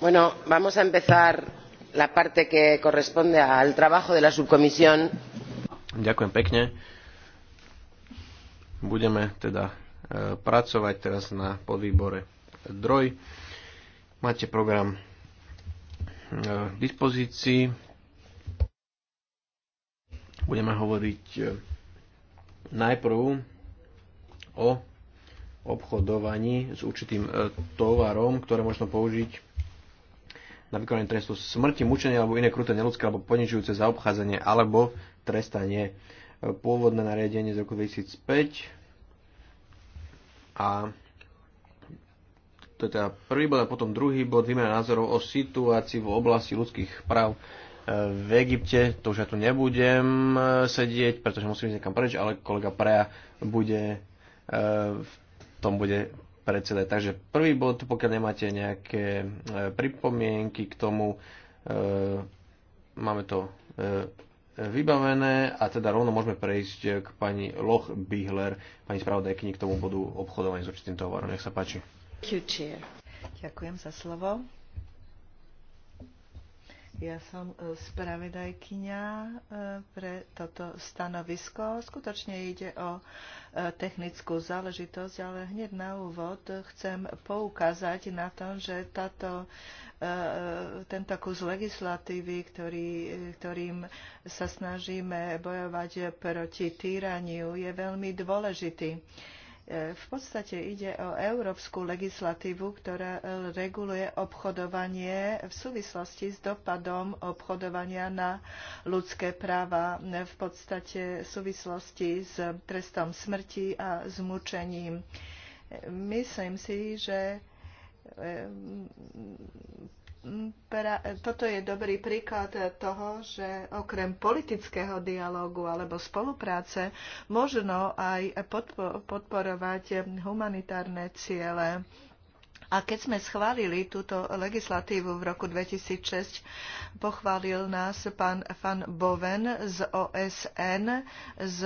Bueno, vamos a empezar la parte que corresponde al trabajo de la subcomisión. Ďakujem pekne. Budeme teda eh, pracovať teraz na podvýbore DROJ. Máte program k eh, dispozícii. Budeme hovoriť eh, najprv o obchodovaní s určitým tovarom, ktoré možno použiť na vykonanie trestu smrti, mučenie alebo iné kruté neludské alebo ponižujúce zaobchádzanie alebo trestanie. Pôvodné nariadenie z roku 2005 a to je teda prvý bod a potom druhý bod výmena názorov o situácii v oblasti ľudských práv e, v Egypte. To už ja tu nebudem e, sedieť, pretože musím ísť niekam preč, ale kolega Prea bude e, v tom bude celé. Takže prvý bod, pokiaľ nemáte nejaké e, pripomienky k tomu, e, máme to e, vybavené a teda rovno môžeme prejsť k pani Loch Bihler, pani spravodajkyni k tomu bodu obchodovania s určitým tovarom. Nech sa páči. Ďakujem za slovo. Ja som e, spravedajkyňa e, pre toto stanovisko. Skutočne ide o e, technickú záležitosť, ale hneď na úvod chcem poukázať na to, že táto, tento kus legislatívy, ktorý, ktorým sa snažíme bojovať proti týraniu, je veľmi dôležitý v podstate ide o európsku legislatívu, ktorá reguluje obchodovanie v súvislosti s dopadom obchodovania na ľudské práva, v podstate v súvislosti s trestom smrti a zmučením. Myslím si, že pra, toto je dobrý príklad toho, že okrem politického dialógu alebo spolupráce možno aj podporovať humanitárne ciele. A keď sme schválili túto legislatívu v roku 2006, pochválil nás pán Van Boven z OSN z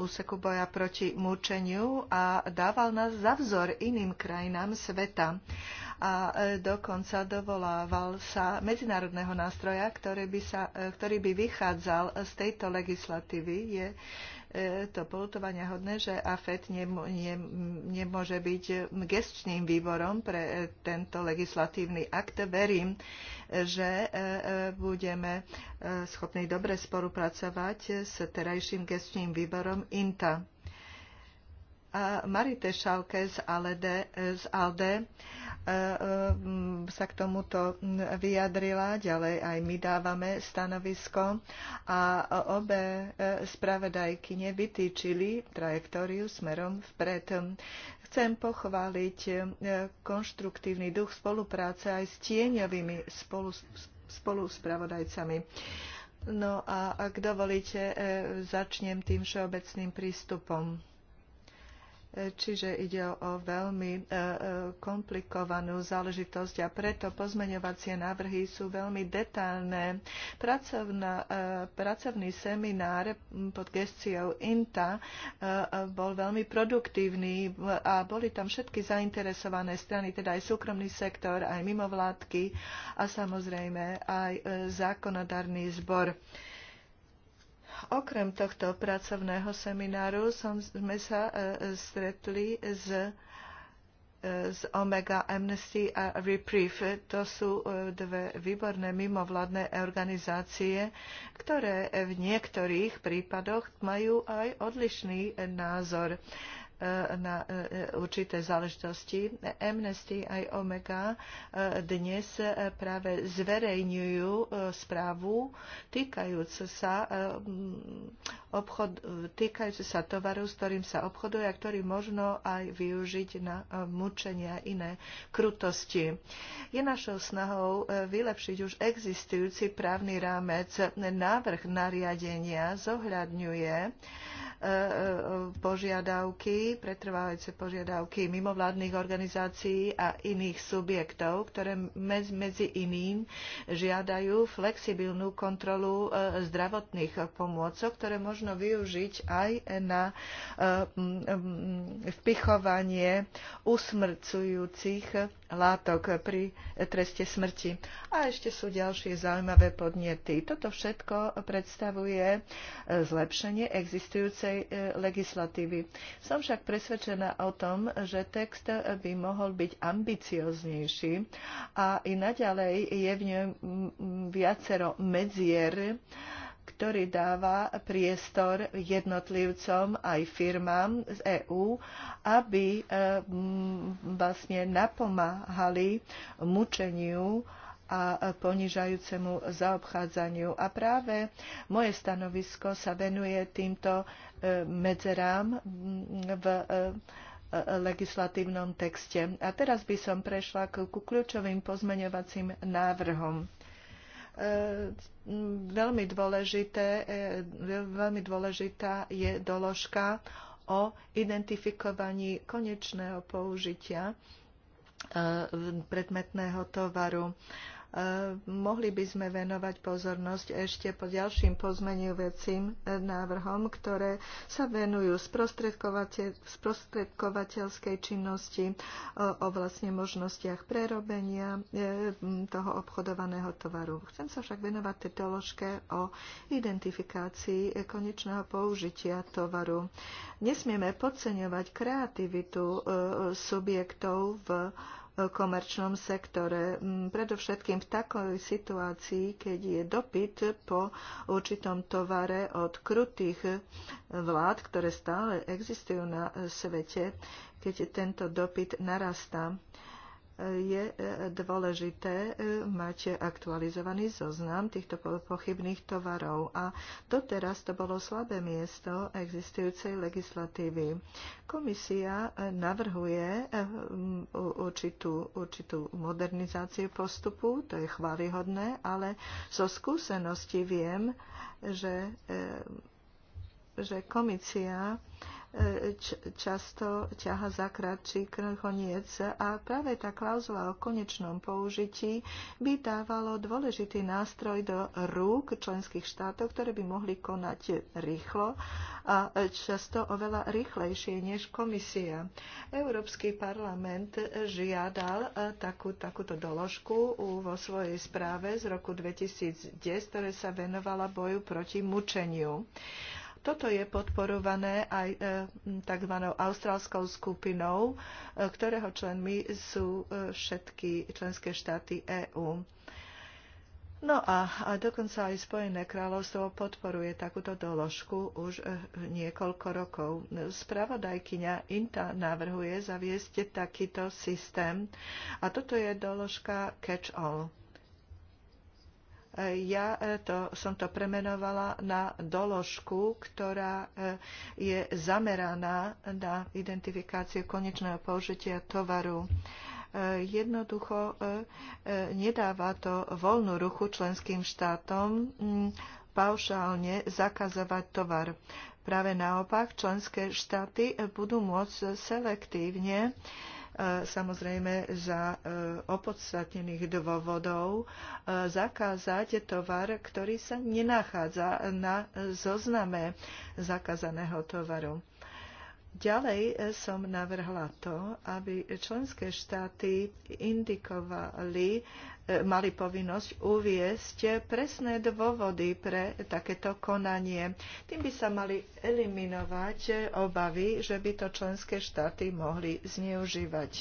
úseku boja proti mučeniu a dával nás za vzor iným krajinám sveta a e, dokonca dovolával sa medzinárodného nástroja, ktorý by, sa, e, ktorý by vychádzal z tejto legislatívy. Je, e, to polutovania hodné, že AFET nemôže byť gestčným výborom pre tento legislatívny akt. Verím, že budeme schopní dobre spolupracovať s terajším gestčným výborom INTA. A Marite Šalke z z ALDE sa k tomuto vyjadrila, ďalej aj my dávame stanovisko a obe e, spravedajky nevytýčili trajektóriu smerom vpred. Chcem pochváliť e, konštruktívny duch spolupráce aj s tieňovými spoluspravodajcami. spolu No a ak dovolíte, e, začnem tým všeobecným prístupom Čiže ide o veľmi e, e, komplikovanú záležitosť a preto pozmeňovacie návrhy sú veľmi detálne. Pracovná, e, pracovný seminár pod gestiou INTA bol veľmi produktívny a boli tam všetky zainteresované strany, teda aj súkromný sektor, aj mimovládky a samozrejme aj zákonodarný zbor. Okrem tohto pracovného semináru som, sme sa e, e, stretli e, z Omega Amnesty a Reprieve. To sú e, dve výborné mimovládne organizácie, ktoré v niektorých prípadoch majú aj odlišný názor na e, e, určité záležitosti. Amnesty aj Omega e, dnes práve zverejňujú správu týkajúcu sa, obchod, týkajúcu sa tovaru, s ktorým sa obchoduje a ktorý možno aj využiť na mučenia iné krutosti. Je našou snahou vylepšiť už existujúci právny rámec. Návrh nariadenia zohľadňuje požiadavky pretrvávajúce požiadavky mimovládnych organizácií a iných subjektov, ktoré medzi iným žiadajú flexibilnú kontrolu e, zdravotných pomôcok, ktoré možno využiť aj na e, vpichovanie usmrcujúcich látok pri treste smrti. A ešte sú ďalšie zaujímavé podnety. Toto všetko predstavuje e, zlepšenie existujúcej e, legislatívy. Som však presvedčená o tom, že text by mohol byť ambicioznejší a i naďalej je v ňom viacero medzier, ktorý dáva priestor jednotlivcom aj firmám z EÚ, aby mm, vlastne napomáhali mučeniu a ponižajúcemu zaobchádzaniu. A práve moje stanovisko sa venuje týmto e, medzerám mm, v e, legislatívnom texte. A teraz by som prešla ku kľúčovým pozmeňovacím návrhom. E, veľmi, dôležité, e, veľmi dôležitá je doložka o identifikovaní konečného použitia e, predmetného tovaru. Eh, mohli by sme venovať pozornosť ešte po ďalším pozmenujúcim eh, návrhom, ktoré sa venujú sprostredkovateľskej činnosti eh, o vlastne možnostiach prerobenia toho obchodovaného tovaru. Chcem sa však venovať tej ložke o identifikácii konečného použitia tovaru. Nesmieme podceňovať kreativitu subjektov v komerčnom sektore. Mm, predovšetkým v takej situácii, keď je dopyt po určitom tovare od krutých vlád, ktoré stále existujú na svete, keď tento dopyt narastá je e, dôležité e, mať aktualizovaný zoznam týchto pochybných tovarov a doteraz to bolo slabé miesto existujúcej legislatívy. Komisia e, navrhuje určitú, určitú modernizáciu postupu, to je chválihodné, ale zo skúseností viem, že že komisia e, často ťaha za kratší koniec a práve tá klauzula o konečnom použití by dávalo dôležitý nástroj do rúk členských štátov, ktoré by mohli konať rýchlo a často oveľa rýchlejšie než komisia. Európsky parlament žiadal e, takú, takúto doložku vo svojej správe z roku 2010, ktoré sa venovala boju proti mučeniu. Toto je podporované aj e, tzv. austrálskou skupinou, e, ktorého členmi sú e, všetky členské štáty EÚ. No a, a dokonca aj Spojené kráľovstvo podporuje takúto doložku už niekoľko rokov. Spravodajkyňa INTA navrhuje zaviesť takýto systém a toto je doložka catch-all ja e, to, som to premenovala na doložku, ktorá e, je zameraná na identifikáciu konečného použitia tovaru. E, jednoducho nedáva to voľnú ruchu členským štátom paušálne zakazovať tovar. Práve naopak, členské štáty budú môcť selektívne E, samozrejme za e, opodstatnených dôvodov e, zakázať tovar, ktorý sa nenachádza na zozname zakázaného tovaru. Ďalej e, som navrhla to, aby členské štáty indikovali, e, mali povinnosť uviesť presné dôvody pre takéto konanie. Tým by sa mali eliminovať e, obavy, že by to členské štáty mohli zneužívať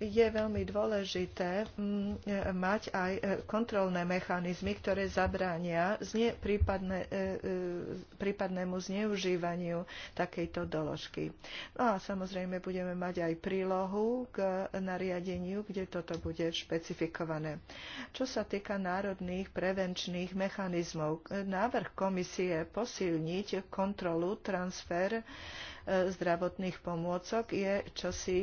je veľmi dôležité mm, e, mať aj e, kontrolné mechanizmy, ktoré zabránia zne, prípadne, e, prípadnému zneužívaniu takejto doložky. No a samozrejme budeme mať aj prílohu k nariadeniu, kde toto bude špecifikované. Čo sa týka národných prevenčných mechanizmov, návrh komisie posilniť kontrolu transfer zdravotných pomôcok je čosi,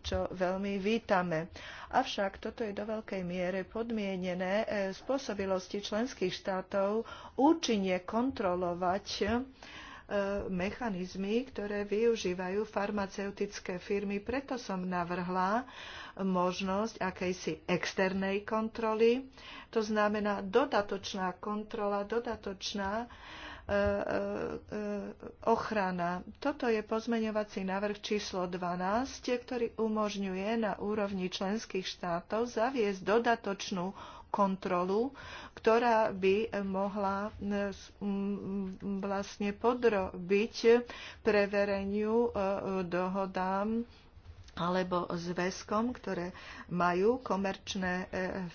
čo veľmi vítame. Avšak toto je do veľkej miery podmienené e, spôsobilosti členských štátov účinne kontrolovať e, mechanizmy, ktoré využívajú farmaceutické firmy. Preto som navrhla možnosť akejsi externej kontroly, to znamená dodatočná kontrola, dodatočná E, e, ochrana. Toto je pozmeňovací návrh číslo 12, ktorý umožňuje na úrovni členských štátov zaviesť dodatočnú kontrolu, ktorá by mohla e, vlastne podrobiť prevereniu dohodám alebo zväzkom, ktoré majú komerčné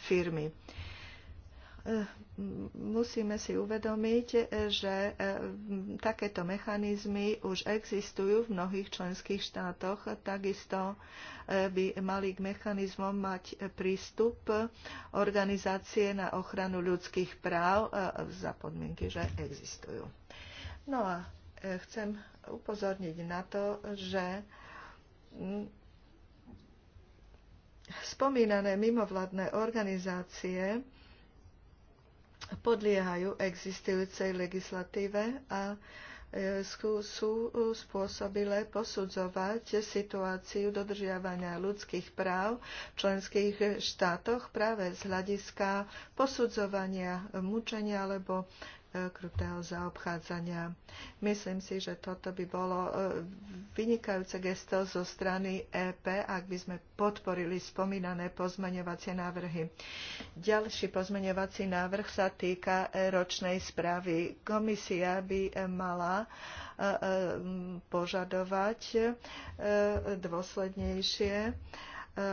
firmy. Eh, musíme si uvedomiť, eh, že eh, takéto mechanizmy už existujú v mnohých členských štátoch. Takisto by mali k mechanizmom mať prístup organizácie na ochranu ľudských práv za podmienky, že existujú. No a chcem upozorniť na to, že hm, spomínané mimovládne organizácie podliehajú existujúcej legislatíve a e, sú e, spôsobile posudzovať situáciu dodržiavania ľudských práv v členských štátoch práve z hľadiska posudzovania mučenia alebo krutého zaobchádzania. Myslím si, že toto by bolo e, vynikajúce gesto zo strany EP, ak by sme podporili spomínané pozmeňovacie návrhy. Ďalší pozmeňovací návrh sa týka e, ročnej správy. Komisia by e, mala požadovať dôslednejšie E, e,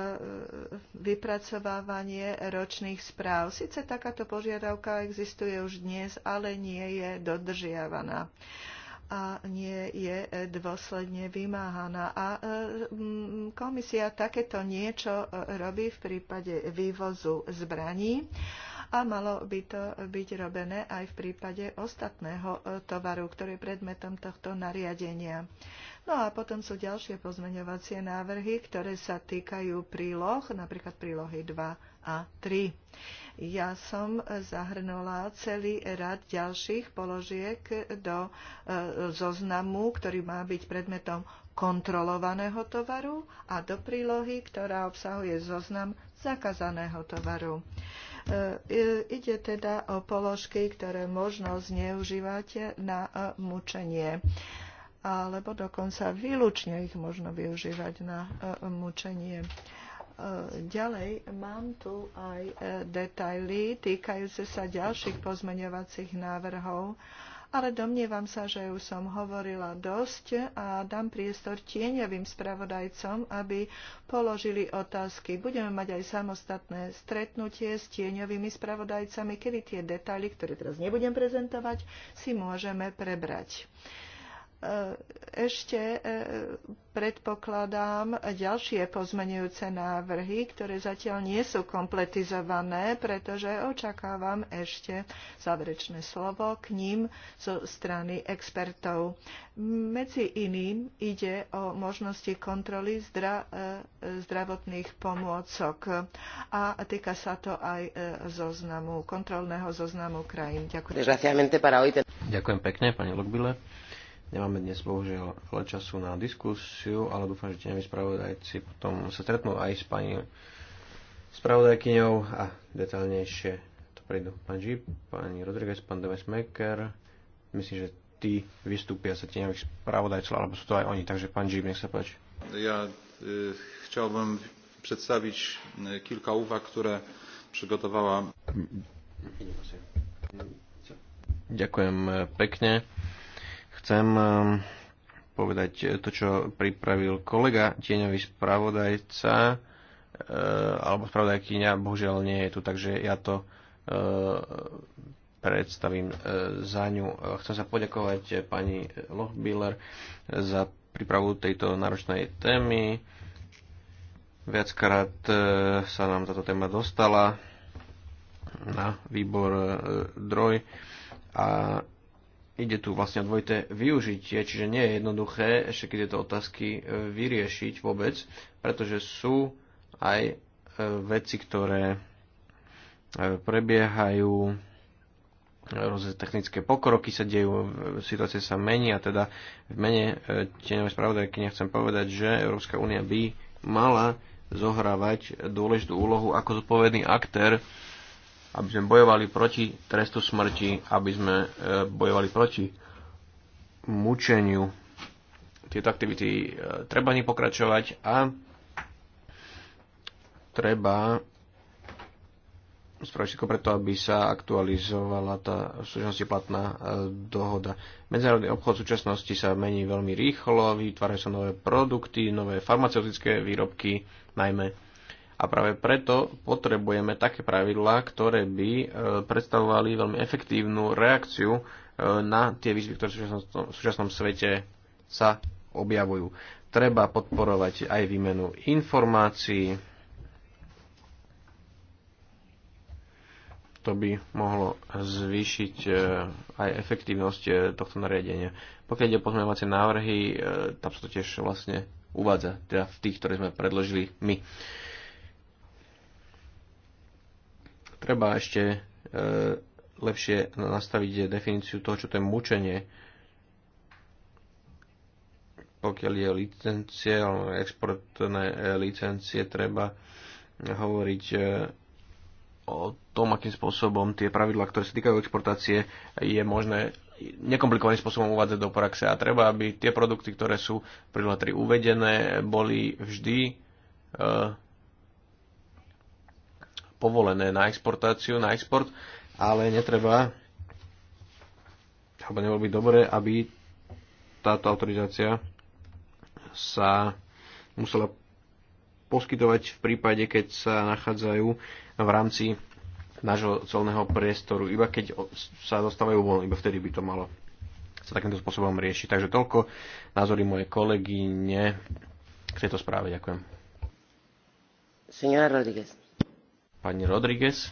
vypracovávanie ročných správ. Sice takáto požiadavka existuje už dnes, ale nie je dodržiavaná a nie je e, dôsledne vymáhaná. A komisia takéto niečo robí v prípade vývozu zbraní a malo by to byť robené aj v prípade ostatného tovaru, ktorý je predmetom tohto nariadenia. No a potom sú ďalšie pozmeňovacie návrhy, ktoré sa týkajú príloh, napríklad prílohy 2 a 3. Ja som zahrnula celý rad ďalších položiek do e, zoznamu, ktorý má byť predmetom kontrolovaného tovaru a do prílohy, ktorá obsahuje zoznam zakazaného tovaru. E, e, ide teda o položky, ktoré možno zneužívať na mučenie alebo dokonca výlučne ich možno využívať na e, mučenie. E, ďalej mám tu aj e, detaily týkajúce sa ďalších pozmeňovacích návrhov, ale domnievam sa, že už som hovorila dosť a dám priestor tieňovým spravodajcom, aby položili otázky. Budeme mať aj samostatné stretnutie s tieňovými spravodajcami, kedy tie detaily, ktoré teraz nebudem prezentovať, si môžeme prebrať. E, ešte e, predpokladám ďalšie pozmenujúce návrhy, ktoré zatiaľ nie sú kompletizované, pretože očakávam ešte záverečné slovo k ním zo strany expertov. Medzi iným ide o možnosti kontroly zdra, e, zdravotných pomôcok a týka sa to aj zoznamu, kontrolného zoznamu krajín. Ďakujem. Ďakujem pekne, pani Lokbile. Nemáme dnes bohužiaľ veľa času na diskusiu, ale dúfam, že tieňoví spravodajci potom sa stretnú aj s pani spravodajkyňou a detaľnejšie to prídu. pán Žip, pani Rodriguez, pán Demesmaker. Myslím, že tí vystúpia sa tieňových spravodajcov, alebo sú to aj oni. Takže pán Žip, nech sa páči. Ja e, chciałbym e, kilka úvah, ktoré przygotowała. Ďakujem e, pekne. Chcem ehm, povedať to, čo pripravil kolega, tieňový spravodajca, eh, alebo spravodajkyňa, bohužiaľ nie je tu, takže ja to eh, predstavím eh, za ňu. Chcem sa poďakovať pani Lochbiller za prípravu tejto náročnej témy. Viackrát sa nám táto téma dostala na výbor DROJ a ide tu vlastne o dvojité využitie, čiže nie je jednoduché ešte keď tieto otázky e, vyriešiť vôbec, pretože sú aj e, veci, ktoré e, prebiehajú, rôzne technické pokroky sa dejú, situácia sa mení a teda v mene tieňovej spravodajky nechcem povedať, že Európska únia by mala zohrávať dôležitú úlohu ako zodpovedný aktér aby sme bojovali proti trestu smrti, aby sme e, bojovali proti mučeniu. Tieto aktivity e, treba nepokračovať a treba spraviť všetko preto, aby sa aktualizovala tá v súčasnosti platná e, dohoda. Medzinárodný obchod v súčasnosti sa mení veľmi rýchlo, vytvárajú sa nové produkty, nové farmaceutické výrobky, najmä a práve preto potrebujeme také pravidlá, ktoré by e, predstavovali veľmi efektívnu reakciu e, na tie výzvy, ktoré v súčasnom, svete sa objavujú. Treba podporovať aj výmenu informácií. To by mohlo zvýšiť e, aj efektívnosť tohto nariadenia. Pokiaľ ide o pozmeňovacie návrhy, tam sa to tiež vlastne uvádza, teda v tých, ktoré sme predložili my. Treba ešte e, lepšie nastaviť definíciu toho, čo to je mučenie, pokiaľ je licencie alebo exportné e, licencie, treba hovoriť e, o tom, akým spôsobom tie pravidlá, ktoré sa týkajú exportácie, je možné nekomplikovaným spôsobom uvádzať do praxe a treba, aby tie produkty, ktoré sú pri uvedené, boli vždy povolené na exportáciu, na export, ale netreba, alebo nebolo by dobre, aby táto autorizácia sa musela poskytovať v prípade, keď sa nachádzajú v rámci nášho celného priestoru. Iba keď sa dostávajú von, iba vtedy by to malo sa takýmto spôsobom riešiť. Takže toľko názory moje kolegyne k tejto správe. Ďakujem. Señora Rodríguez. Pani Rodriguez.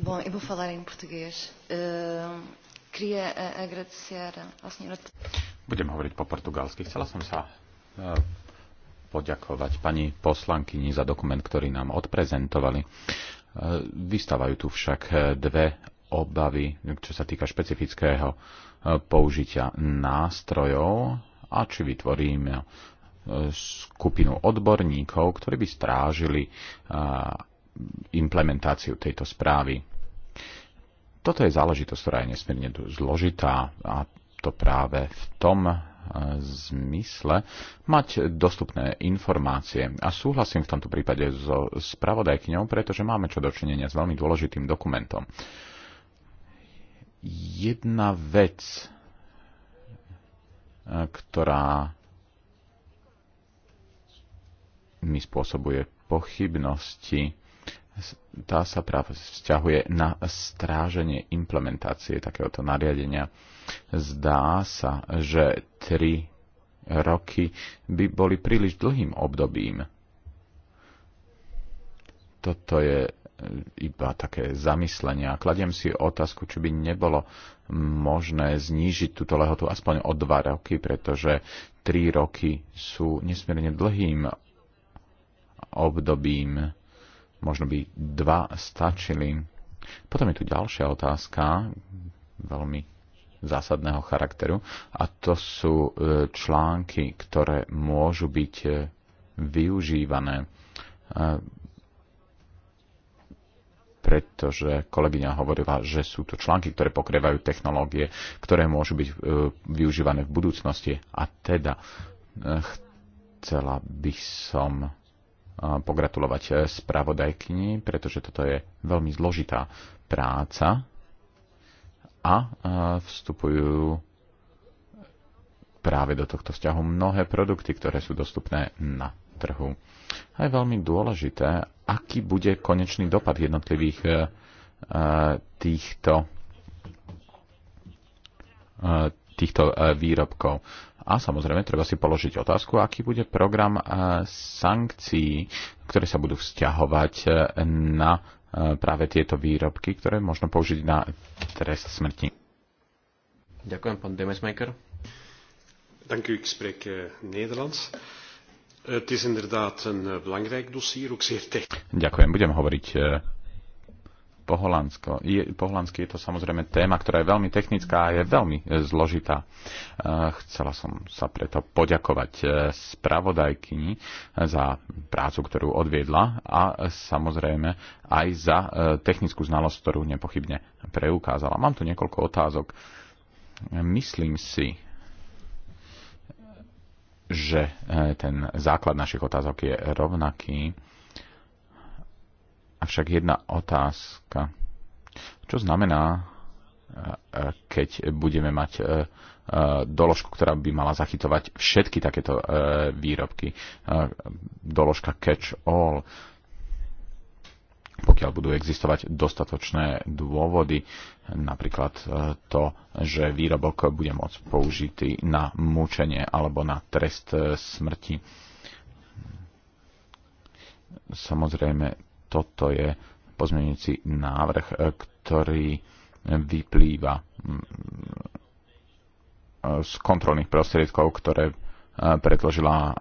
Bom, eu vou falar em português. Uh, queria uh, agradecer eh, ao senhor... Budem hovoriť po portugalsky. Chcela som sa uh, poďakovať pani poslankyni za dokument, ktorý nám odprezentovali. Uh, vystávajú tu však dve obavy, čo sa týka špecifického použitia nástrojov a či vytvoríme skupinu odborníkov, ktorí by strážili e, implementáciu tejto správy. Toto je záležitosť, ktorá je nesmierne zložitá a to práve v tom e, zmysle mať dostupné informácie. A súhlasím v tomto prípade so spravodajkňou, pretože máme čo dočinenia s veľmi dôležitým dokumentom. Jedna vec, ktorá mi spôsobuje pochybnosti. Tá sa práve vzťahuje na stráženie implementácie takéhoto nariadenia. Zdá sa, že tri roky by boli príliš dlhým obdobím. Toto je iba také zamyslenia. Kladiem si otázku, či by nebolo možné znížiť túto lehotu aspoň o dva roky, pretože tri roky sú nesmierne dlhým obdobím. Možno by dva stačili. Potom je tu ďalšia otázka, veľmi zásadného charakteru, a to sú e, články, ktoré môžu byť e, využívané e, pretože kolegyňa hovorila, že sú to články, ktoré pokrývajú technológie, ktoré môžu byť e, využívané v budúcnosti. A teda e, chcela by som e, pogratulovať spravodajkyni, pretože toto je veľmi zložitá práca a vstupujú práve do tohto vzťahu mnohé produkty, ktoré sú dostupné na trhu. A je veľmi dôležité, aký bude konečný dopad jednotlivých e, e, týchto, e, týchto výrobkov. A samozrejme, treba si položiť otázku, aký bude program sankcií, ktoré sa budú vzťahovať na práve tieto výrobky, ktoré možno použiť na trest smrti. Ďakujem, pán Demesmaker. Dank u, ik spreek uh, Nederlands. Uh, Eh, eh, Ďakujem, budem hovoriť eh, po, holandsko. Je, po holandsky je to samozrejme téma, ktorá je veľmi technická a je veľmi zložitá. Chcela som sa preto poďakovať spravodajkyni za prácu, ktorú odviedla a samozrejme aj za technickú znalosť, ktorú nepochybne preukázala. Mám tu niekoľko otázok. Myslím si, že e, ten základ našich otázok je rovnaký. Avšak jedna otázka. Čo znamená, e, keď budeme mať e, doložku, ktorá by mala zachytovať všetky takéto výrobky? Doložka catch all pokiaľ budú existovať dostatočné dôvody, napríklad e, to, že výrobok bude môcť použitý na mučenie alebo na trest e, smrti. Samozrejme, toto je pozmeňujúci návrh, e, ktorý vyplýva mm, z kontrolných prostriedkov, ktoré predložila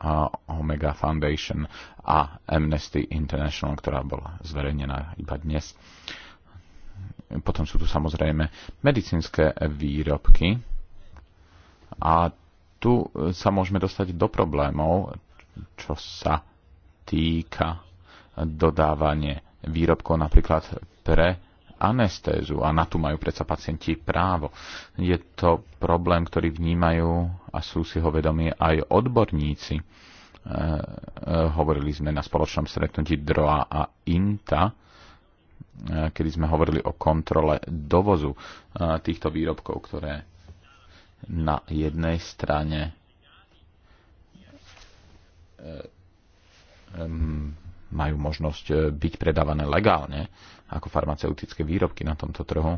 Omega Foundation a Amnesty International, ktorá bola zverejnená iba dnes. Potom sú tu samozrejme medicínske výrobky a tu sa môžeme dostať do problémov, čo sa týka dodávanie výrobkov napríklad pre anestézu a na tu majú predsa pacienti právo. Je to problém, ktorý vnímajú a sú si ho vedomí aj odborníci. E, e, hovorili sme na spoločnom stretnutí DROA a INTA, e, kedy sme hovorili o kontrole dovozu e, týchto výrobkov, ktoré na jednej strane e, e, majú možnosť e, byť predávané legálne, ako farmaceutické výrobky na tomto trhu,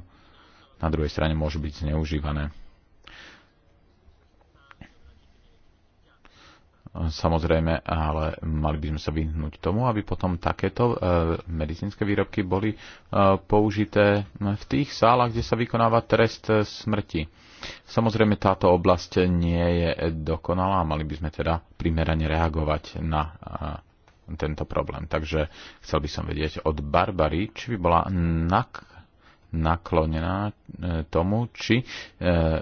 na druhej strane môžu byť zneužívané. Samozrejme, ale mali by sme sa vyhnúť tomu, aby potom takéto e, medicínske výrobky boli e, použité v tých sálach, kde sa vykonáva trest e, smrti. Samozrejme, táto oblasť nie je dokonalá, mali by sme teda primerane reagovať na tento problém. Takže chcel by som vedieť od Barbary, či by bola nak- naklonená e, tomu, či e,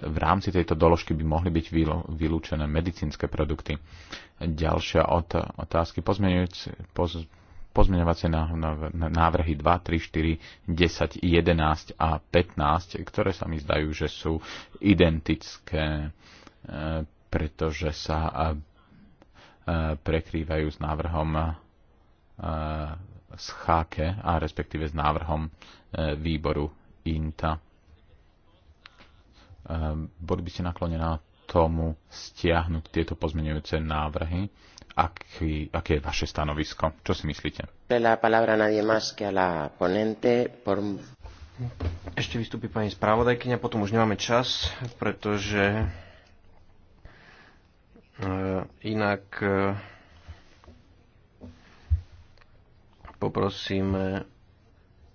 v rámci tejto doložky by mohli byť vylúčené medicínske produkty. Ďalšia od otázky pozmeňovacie návrhy 2, 3, 4, 10, 11 a 15, ktoré sa mi zdajú, že sú identické, e, pretože sa E, prekrývajú s návrhom e, z cháke a respektíve s návrhom e, výboru INTA. Boli by ste naklonená tomu stiahnuť tieto pozmeňujúce návrhy? Aký, aké je vaše stanovisko? Čo si myslíte? Ešte vystúpi pani spravodajkyňa, potom už nemáme čas, pretože E, inak e, poprosíme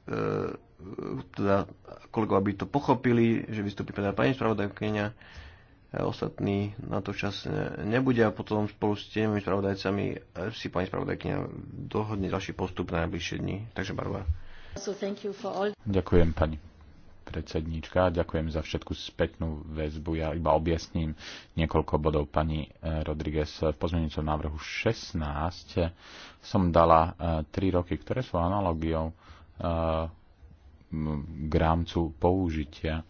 e, teda kolegov, aby to pochopili, že vystúpi teda pani spravodajkynia, ostatní na to čas nebude a potom spolu s tými spravodajcami si pani spravodajkynia dohodne ďalší postup na najbližšie dni. Takže Barbara. So all... Ďakujem pani predsedníčka. Ďakujem za všetku spätnú väzbu. Ja iba objasním niekoľko bodov pani eh, Rodriguez. V eh, pozmeňujúcom návrhu 16 som dala 3 eh, roky, ktoré sú analogiou k rámcu použitia.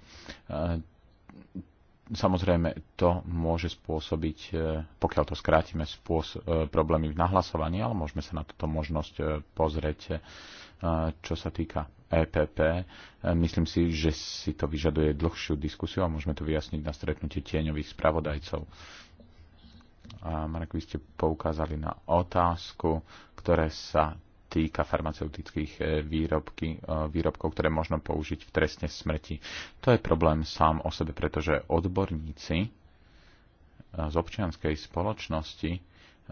Samozrejme, to môže spôsobiť, pokiaľ to skrátime, problémy v nahlasovaní, ale môžeme sa na túto možnosť pozrieť čo sa týka EPP. E, myslím si, že si to vyžaduje dlhšiu diskusiu a môžeme to vyjasniť na stretnutie tieňových spravodajcov. A Marek, vy ste poukázali na otázku, ktoré sa týka farmaceutických e, výrobky, e, výrobkov, ktoré možno použiť v trestne smrti. To je problém sám o sebe, pretože odborníci z občianskej spoločnosti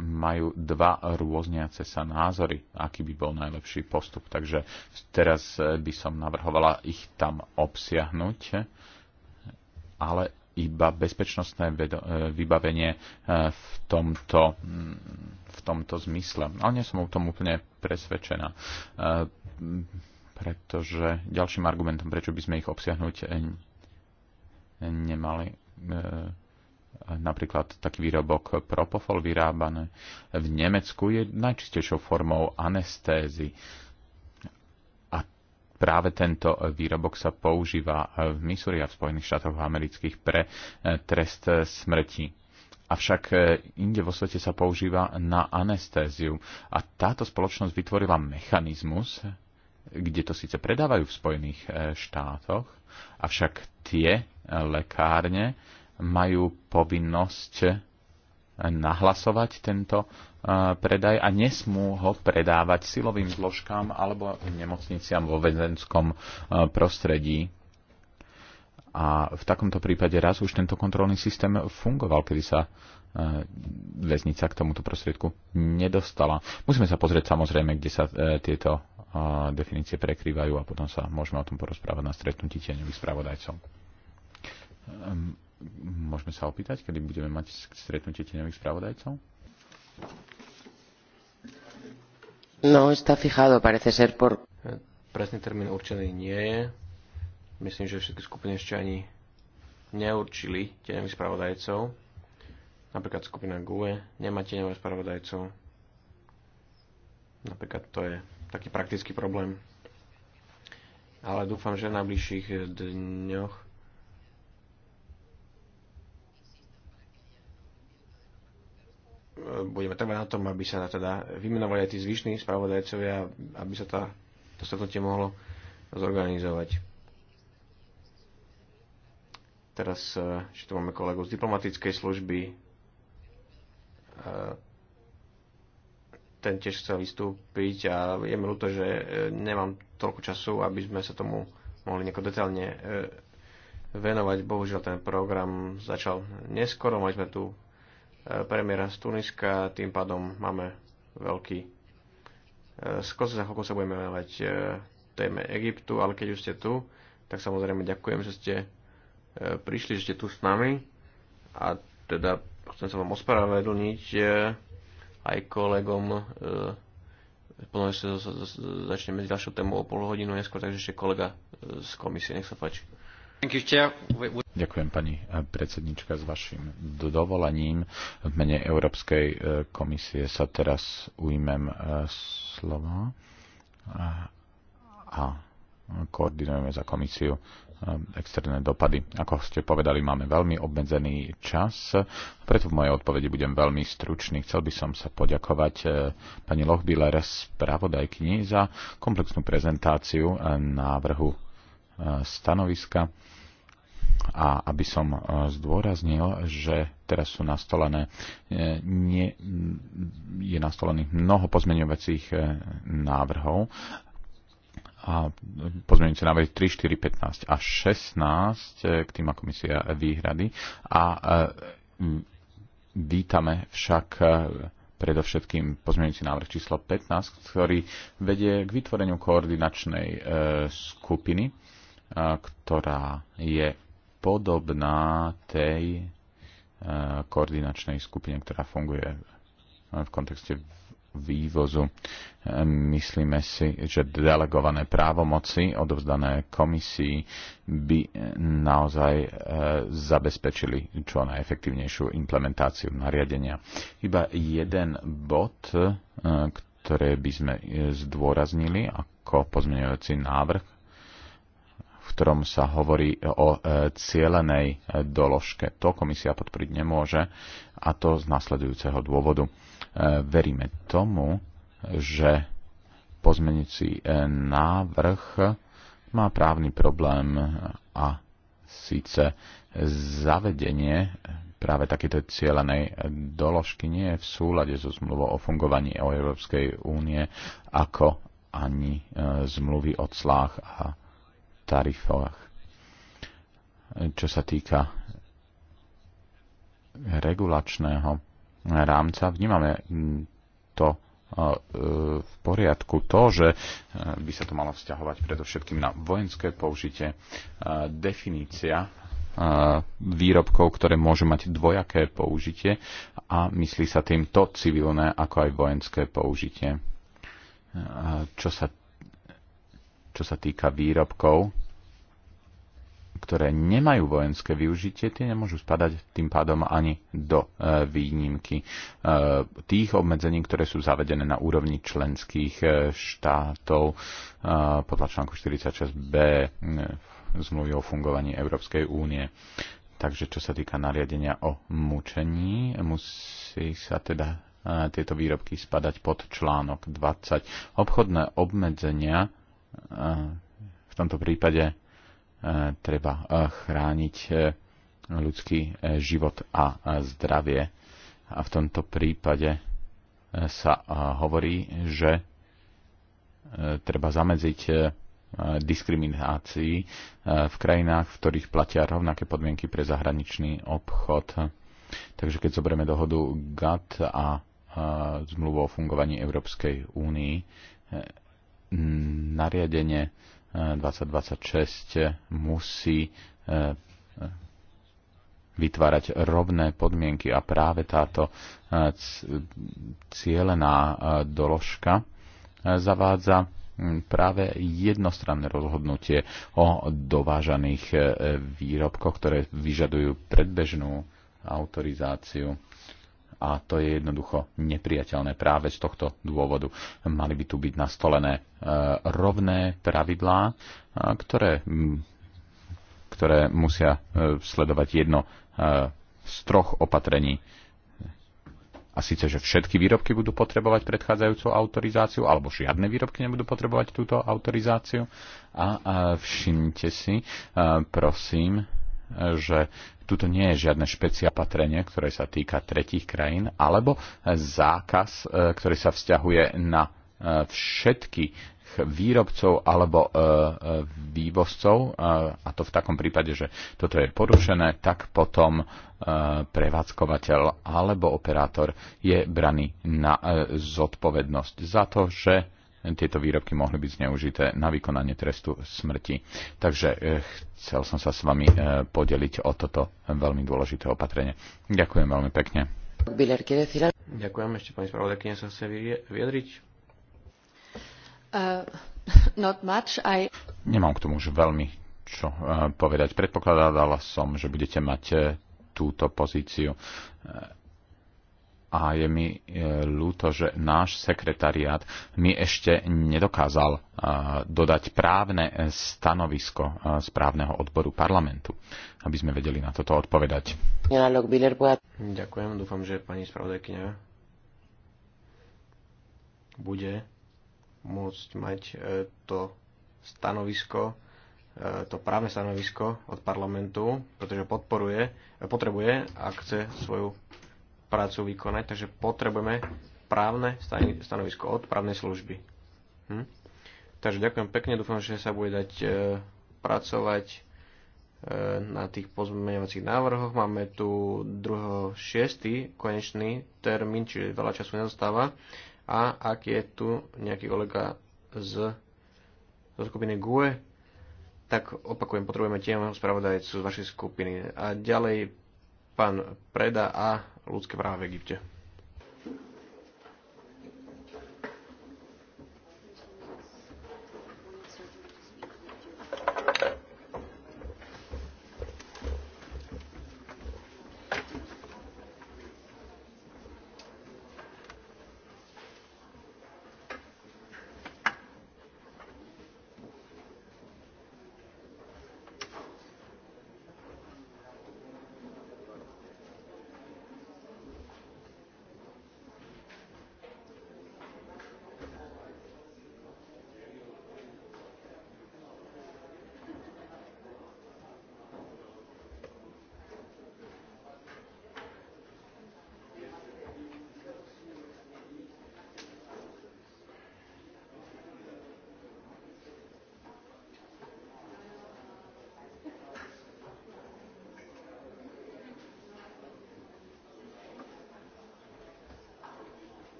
majú dva rôzniace sa názory, aký by bol najlepší postup. Takže teraz e, by som navrhovala ich tam obsiahnuť, ale iba bezpečnostné e, vybavenie e, v tomto, v tomto zmysle. Ale nie som o tom úplne presvedčená, pretože ďalším argumentom, prečo by sme ich obsiahnuť nemali, Napríklad taký výrobok Propofol vyrábaný v Nemecku je najčistejšou formou anestézy. A práve tento výrobok sa používa v Missouri a v Spojených štátoch amerických pre e, trest e, smrti. Avšak e, inde vo svete sa používa na anestéziu. A táto spoločnosť vytvorila mechanizmus, kde to síce predávajú v Spojených štátoch, avšak tie lekárne majú povinnosť eh, nahlasovať tento eh, predaj a nesmú ho predávať silovým zložkám alebo nemocniciam vo väzenskom eh, prostredí. A v takomto prípade raz už tento kontrolný systém fungoval, kedy sa väznica k tomuto prostriedku nedostala. Musíme sa pozrieť samozrejme, kde sa tieto definície prekrývajú a potom sa môžeme o tom porozprávať na stretnutí tieňových spravodajcov. Ehm, môžeme sa opýtať, kedy budeme mať stretnutie tieňových spravodajcov? No, está fijado, parece ser por... Presný termín určený nie je. Myslím, že všetky skupiny ešte ani neurčili tieňových spravodajcov. Napríklad skupina GUE nemá tieňových spravodajcov. Napríklad to je taký praktický problém. Ale dúfam, že v najbližších dňoch budeme trvať na tom, aby sa teda vymenovali aj tí zvyšní spravodajcovia, aby sa tá, to stretnutie mohlo zorganizovať. Teraz, eh, ešte tu máme kolegu z diplomatickej služby, eh, ten tiež chcel vystúpiť a je mi ľúto, že eh, nemám toľko času, aby sme sa tomu mohli nejako detailne venovať. Bohužiaľ ten program začal neskoro, mali sme tu premiéra z Tuniska, tým pádom máme veľký eh, skos. Za chvíľku sa budeme venovať eh, téme Egyptu, ale keď už ste tu, tak samozrejme ďakujem, že ste eh, prišli, že ste tu s nami a teda chcem sa vám ospravedlniť aj kolegom potom ešte začneme s ďalšou témou o pol hodinu neskôr, takže ešte kolega z komisie, nech sa páči. Ďakujem pani predsednička s vašim dovolením. V mene Európskej e, komisie sa teraz ujmem e, slova a koordinujeme za komisiu e, externé dopady. Ako ste povedali, máme veľmi obmedzený čas, preto v mojej odpovedi budem veľmi stručný. Chcel by som sa poďakovať pani Lochbiller, spravodajkyni, za komplexnú prezentáciu návrhu E, stanoviska a aby som e, zdôraznil, že teraz sú nastolené, e, nie, je nastolených mnoho pozmeňovacích návrhov a pozmeňujúce návrhy 3, 4, 15 a 16, k tým má komisia výhrady a vítame však predovšetkým pozmeňujúci návrh číslo 15, ktorý vedie k vytvoreniu koordinačnej skupiny ktorá je podobná tej e, koordinačnej skupine, ktorá funguje e, v kontexte vývozu. E, myslíme si, že delegované právomoci odovzdané komisii by naozaj zabezpečili čo najefektívnejšiu implementáciu nariadenia. Iba jeden bod, ktoré by sme zdôraznili ako pozmeňujúci návrh, ktorom sa hovorí o e, cielenej e, doložke. To komisia podporiť nemôže a to z nasledujúceho dôvodu. E, veríme tomu, že pozmenici návrh má právny problém a síce zavedenie práve takéto cieľanej doložky nie je v súlade so zmluvou o fungovaní Európskej únie, ako ani zmluvy o clách a tarifách. Čo sa týka regulačného rámca, vnímame to e, v poriadku to, že e, by sa to malo vzťahovať predovšetkým na vojenské použitie. E, definícia výrobkov, ktoré môžu mať dvojaké použitie a myslí sa tým to civilné ako aj vojenské použitie. Čo sa čo sa týka výrobkov, ktoré nemajú vojenské využitie, tie nemôžu spadať tým pádom ani do e, výnimky e, tých obmedzení, ktoré sú zavedené na úrovni členských e, štátov e, podľa článku 46b e, zmluvy o fungovaní Európskej únie. Takže čo sa týka nariadenia o mučení, musí sa teda e, tieto výrobky spadať pod článok 20. Obchodné obmedzenia Eh, v tomto prípade eh, treba eh, chrániť ľudský život a zdravie. A v tomto prípade sa hovorí, že treba zamedziť diskriminácii v krajinách, v ktorých platia rovnaké podmienky pre zahraničný obchod. Takže keď zoberieme dohodu GATT a zmluvu o fungovaní Európskej únii, Mm, nariadenie 2026 e, musí e, vytvárať rovné podmienky a práve táto e, cielená doložka zavádza práve jednostranné rozhodnutie o dovážaných výrobkoch, ktoré vyžadujú predbežnú autorizáciu a to je jednoducho nepriateľné práve z tohto dôvodu. Mali by tu byť nastolené e, rovné pravidlá, e, ktoré, ktoré musia e, sledovať jedno z troch opatrení. A síce, že všetky výrobky budú potrebovať predchádzajúcu autorizáciu, alebo žiadne výrobky nebudú potrebovať túto autorizáciu. A, a všimnite si, prosím, že tuto nie je žiadne špecia patrenie, ktoré sa týka tretích krajín, alebo zákaz, e, ktorý sa vzťahuje na e, všetky výrobcov alebo e, vývozcov, a to v takom prípade, že toto je porušené, tak potom prevádzkovateľ alebo operátor je braný na zodpovednosť za to, že tieto výrobky mohli byť zneužité na vykonanie trestu smrti. Takže e, chcel som sa s vami e, podeliť o toto veľmi dôležité opatrenie. Ďakujem veľmi pekne. Ďakujem ešte pani spravodajkyne sa chce vyjadriť. Uh, not much. I... Nemám k tomu už veľmi čo e, povedať. Predpokladala som, že budete mať túto pozíciu a je mi e, ľúto, že náš sekretariát mi ešte nedokázal e, dodať právne e, stanovisko správneho odboru parlamentu, aby sme vedeli na toto odpovedať. Ďakujem, dúfam, že pani spravodajkyňa bude môcť mať to stanovisko, to právne stanovisko od parlamentu, pretože podporuje, potrebuje a chce svoju prácu vykonať, takže potrebujeme právne stanovisko od právnej služby. Hm? Takže ďakujem pekne, dúfam, že sa bude dať e, pracovať e, na tých pozmeňovacích návrhoch. Máme tu 2.6. konečný termín, čiže veľa času nezostáva. A ak je tu nejaký kolega z, zo skupiny GUE, tak opakujem, potrebujeme tieho spravodajcu z vašej skupiny. A ďalej pán Preda a ľudské práva v Egypte.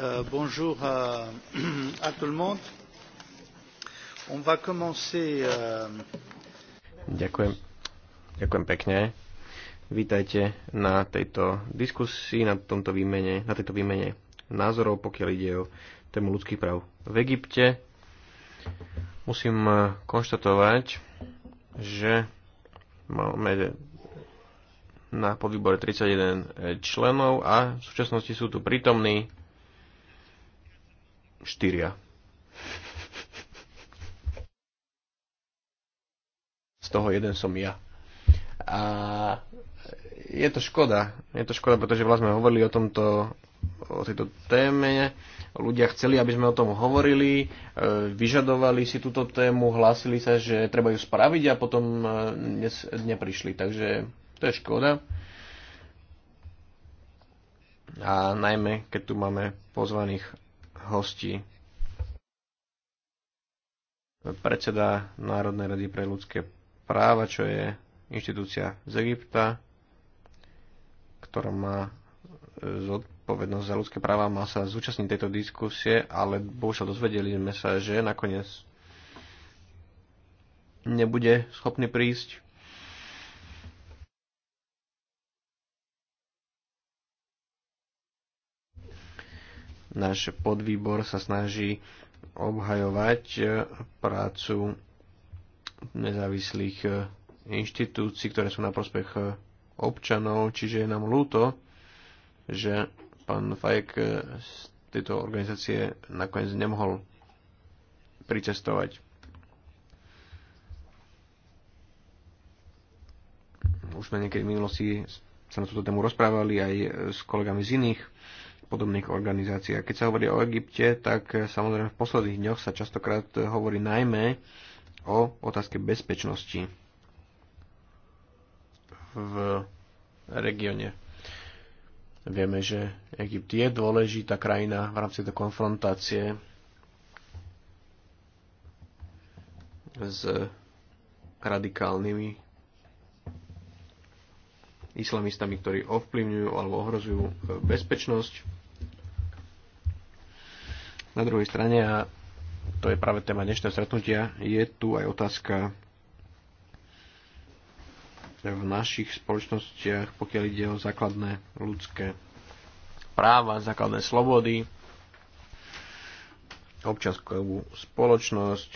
Euh, bonjour à, tout le monde. On va commencer. Euh, Ďakujem. Ďakujem pekne. Vítajte na tejto diskusii, na, tomto výmene, na tejto výmene názorov, pokiaľ ide o tému ľudských práv v Egypte. Musím eh, konštatovať, že máme na podvýbore 31 eh, členov a v súčasnosti sú tu prítomní štyria. Z toho jeden som ja. A je to škoda. Je to škoda, pretože vlastne sme hovorili o tomto o tejto téme. Ľudia chceli, aby sme o tom hovorili, e, vyžadovali si túto tému, hlásili sa, že treba ju spraviť a potom e, dnes neprišli. Takže to je škoda. A najmä, keď tu máme pozvaných hostí. Predseda Národnej rady pre ľudské práva, čo je inštitúcia z Egypta, ktorá má e, zodpovednosť za ľudské práva, má sa zúčastniť tejto diskusie, ale bohužiaľ dozvedeli sme sa, že nakoniec nebude schopný prísť náš podvýbor sa snaží obhajovať e, prácu nezávislých e, inštitúcií, ktoré sú na prospech e, občanov, čiže je nám ľúto, že pán Fajek z tejto organizácie nakoniec nemohol pricestovať. Už sme niekedy v minulosti sa na túto tému rozprávali aj s kolegami z iných podobných organizácií. A keď sa hovorí o Egypte, tak eh, samozrejme v posledných dňoch sa častokrát eh, hovorí najmä o otázke bezpečnosti v regióne. Vieme, že Egypt je dôležitá krajina v rámci tej konfrontácie s radikálnymi islamistami, ktorí ovplyvňujú alebo ohrozujú eh, bezpečnosť na druhej strane, a to je práve téma dnešného stretnutia, je tu aj otázka v našich spoločnostiach, pokiaľ ide o základné ľudské práva, základné slobody, občanskú spoločnosť,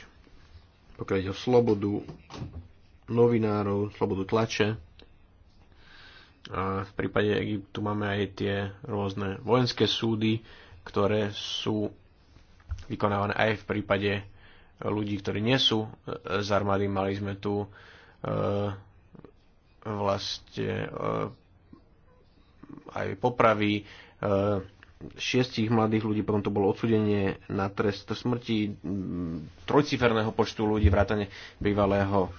pokiaľ ide o slobodu novinárov, slobodu tlače. A v prípade Egyptu máme aj tie rôzne vojenské súdy, ktoré sú vykonávané aj v prípade ľudí, ktorí nie sú e, z armády. Mali sme tu e, vlastne e, aj popravy šiestich mladých ľudí, potom to bolo odsudenie na trest smrti mm, trojciferného počtu ľudí, vrátane bývalého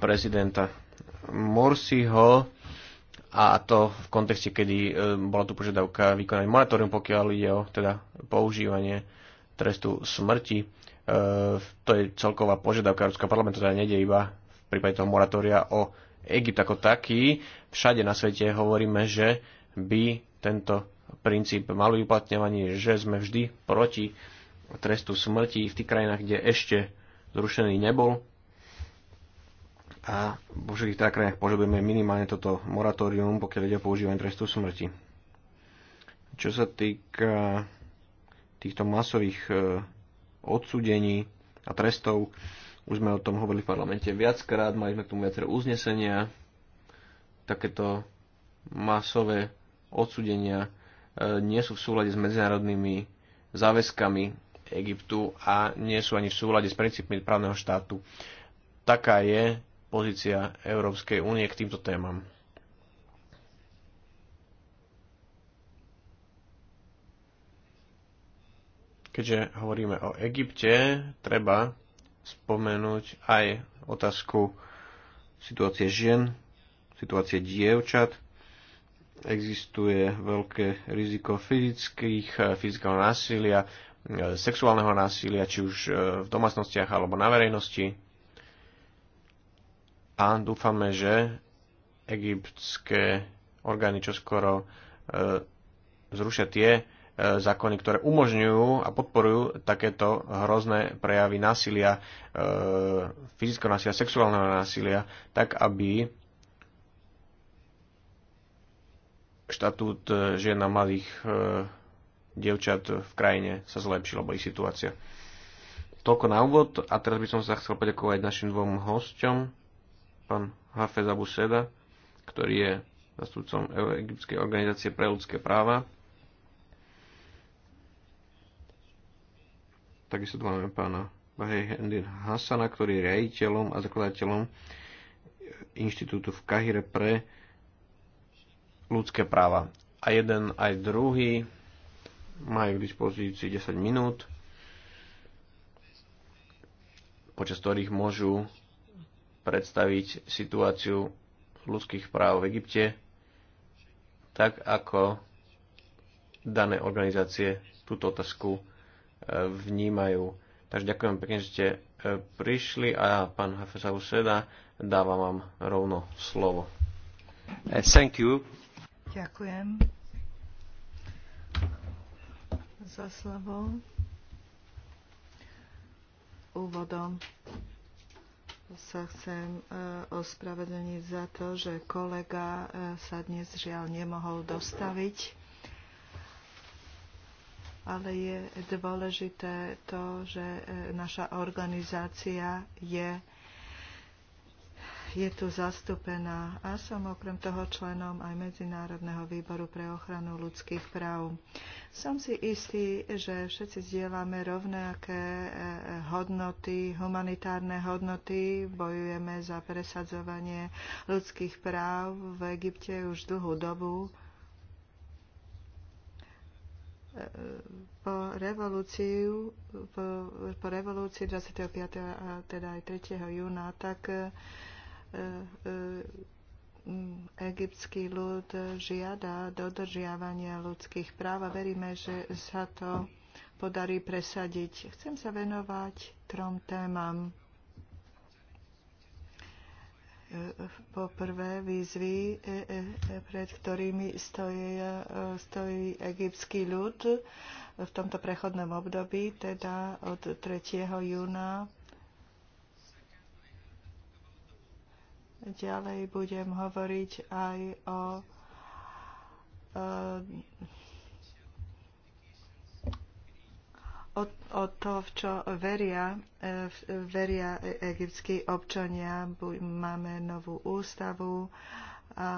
prezidenta Morsiho a to v kontexte, kedy bola tu požiadavka vykonať moratórium, pokiaľ ide o teda používanie trestu smrti. E, to je celková požiadavka Európskeho parlamentu, teda nejde iba v prípade toho moratória o Egypt ako taký. Všade na svete hovoríme, že by tento princíp mal uplatňovaný, že sme vždy proti trestu smrti v tých krajinách, kde ešte zrušený nebol. A vo všetkých teda krajinách požadujeme minimálne toto moratórium, pokiaľ ide o používanie trestu smrti. Čo sa týka týchto masových e, odsúdení a trestov. Už sme o tom hovorili v parlamente viackrát, mali sme k tomu viaceré uznesenia, takéto masové odsúdenia e, nie sú v súlade s medzinárodnými záväzkami Egyptu a nie sú ani v súlade s princípmi právneho štátu. Taká je pozícia Európskej únie k týmto témam. Keďže hovoríme o Egypte, treba spomenúť aj otázku situácie žien, situácie dievčat. Existuje veľké riziko fyzických, fyzického násilia, sexuálneho násilia, či už e, v domácnostiach alebo na verejnosti. A dúfame, že egyptské orgány čoskoro e, zrušia tie zákony, ktoré umožňujú a podporujú takéto hrozné prejavy násilia, e, fyzického násilia, sexuálneho násilia, tak aby štatút e, žien a mladých e, dievčat v krajine sa zlepšil, lebo ich situácia. Toľko na úvod a teraz by som sa chcel poďakovať našim dvom hosťom, pán Hafez Abuseda, ktorý je zastupcom Egyptskej organizácie pre ľudské práva Takisto tu máme pána Hendin Hasana, ktorý je riaditeľom a zakladateľom inštitútu v Kahire pre ľudské práva. A jeden aj druhý majú k dispozícii 10 minút, počas ktorých môžu predstaviť situáciu ľudských práv v Egypte, tak ako dané organizácie túto otázku vnímajú. Takže ďakujem pekne, že ste e, prišli a ja pán Hafeza Useda dávam vám rovno slovo. E, thank you. Ďakujem za slovo. Úvodom sa chcem e, ospravedlniť za to, že kolega sa dnes žiaľ nemohol dostaviť ale je dôležité to, že e, naša organizácia je je tu zastúpená a som okrem toho členom aj Medzinárodného výboru pre ochranu ľudských práv. Som si istý, že všetci zdieľame rovnaké e, hodnoty, humanitárne hodnoty, bojujeme za presadzovanie ľudských práv v Egypte už dlhú dobu po revolúciu, po, po revolúcii 25. a teda aj 3. júna, tak e, e, egyptský ľud žiada dodržiavanie ľudských práv a veríme, že sa to podarí presadiť. Chcem sa venovať trom témam po prvé výzvy, e, e, e, pred ktorými stojí, stojí egyptský ľud v tomto prechodnom období, teda od 3. júna Ďalej budem hovoriť aj o o, od to, v čo veria, e, veria e, egyptskí občania. Máme novú ústavu a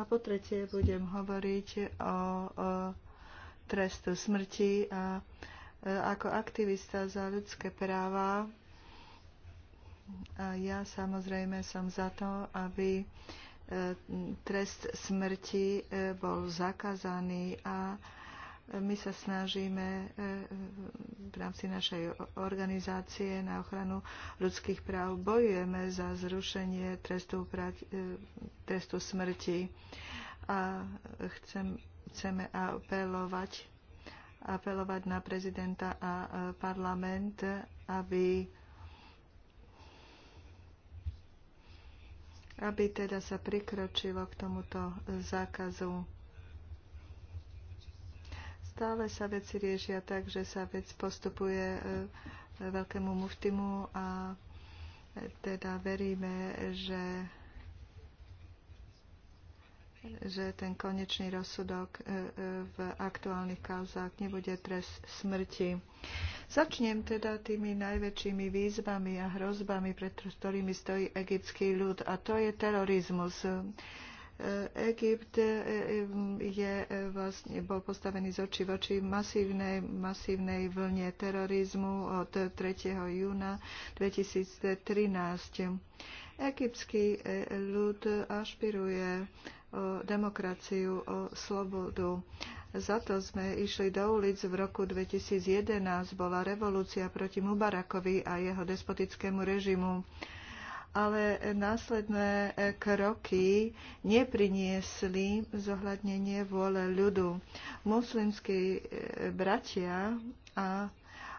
a po tretie budem hovoriť o, o trestu smrti a e, ako aktivista za ľudské práva a ja samozrejme som za to, aby trest smrti bol zakázaný a my sa snažíme e, e, v rámci našej organizácie na ochranu ľudských práv bojujeme za zrušenie trestu, e, trestu smrti a chcem, chceme apelovať, apelovať na prezidenta a parlament, aby aby teda sa prikročilo k tomuto zákazu Stále sa veci riešia tak, že sa vec postupuje e, veľkému muftimu a e, teda veríme, že že ten konečný rozsudok e, v aktuálnych kauzách nebude trest smrti. Začnem teda tými najväčšími výzvami a hrozbami, pred ktorými stojí egyptský ľud, a to je terorizmus. Egypt e, e, je e, vlastne, bol postavený z očí oči masívnej, masívnej vlne terorizmu od 3. júna 2013. Egyptský ľud ašpiruje o demokraciu, o slobodu. Za to sme išli do ulic v roku 2011. Bola revolúcia proti Mubarakovi a jeho despotickému režimu ale následné e, kroky nepriniesli zohľadnenie vôle ľudu. Muslimskí e, bratia a,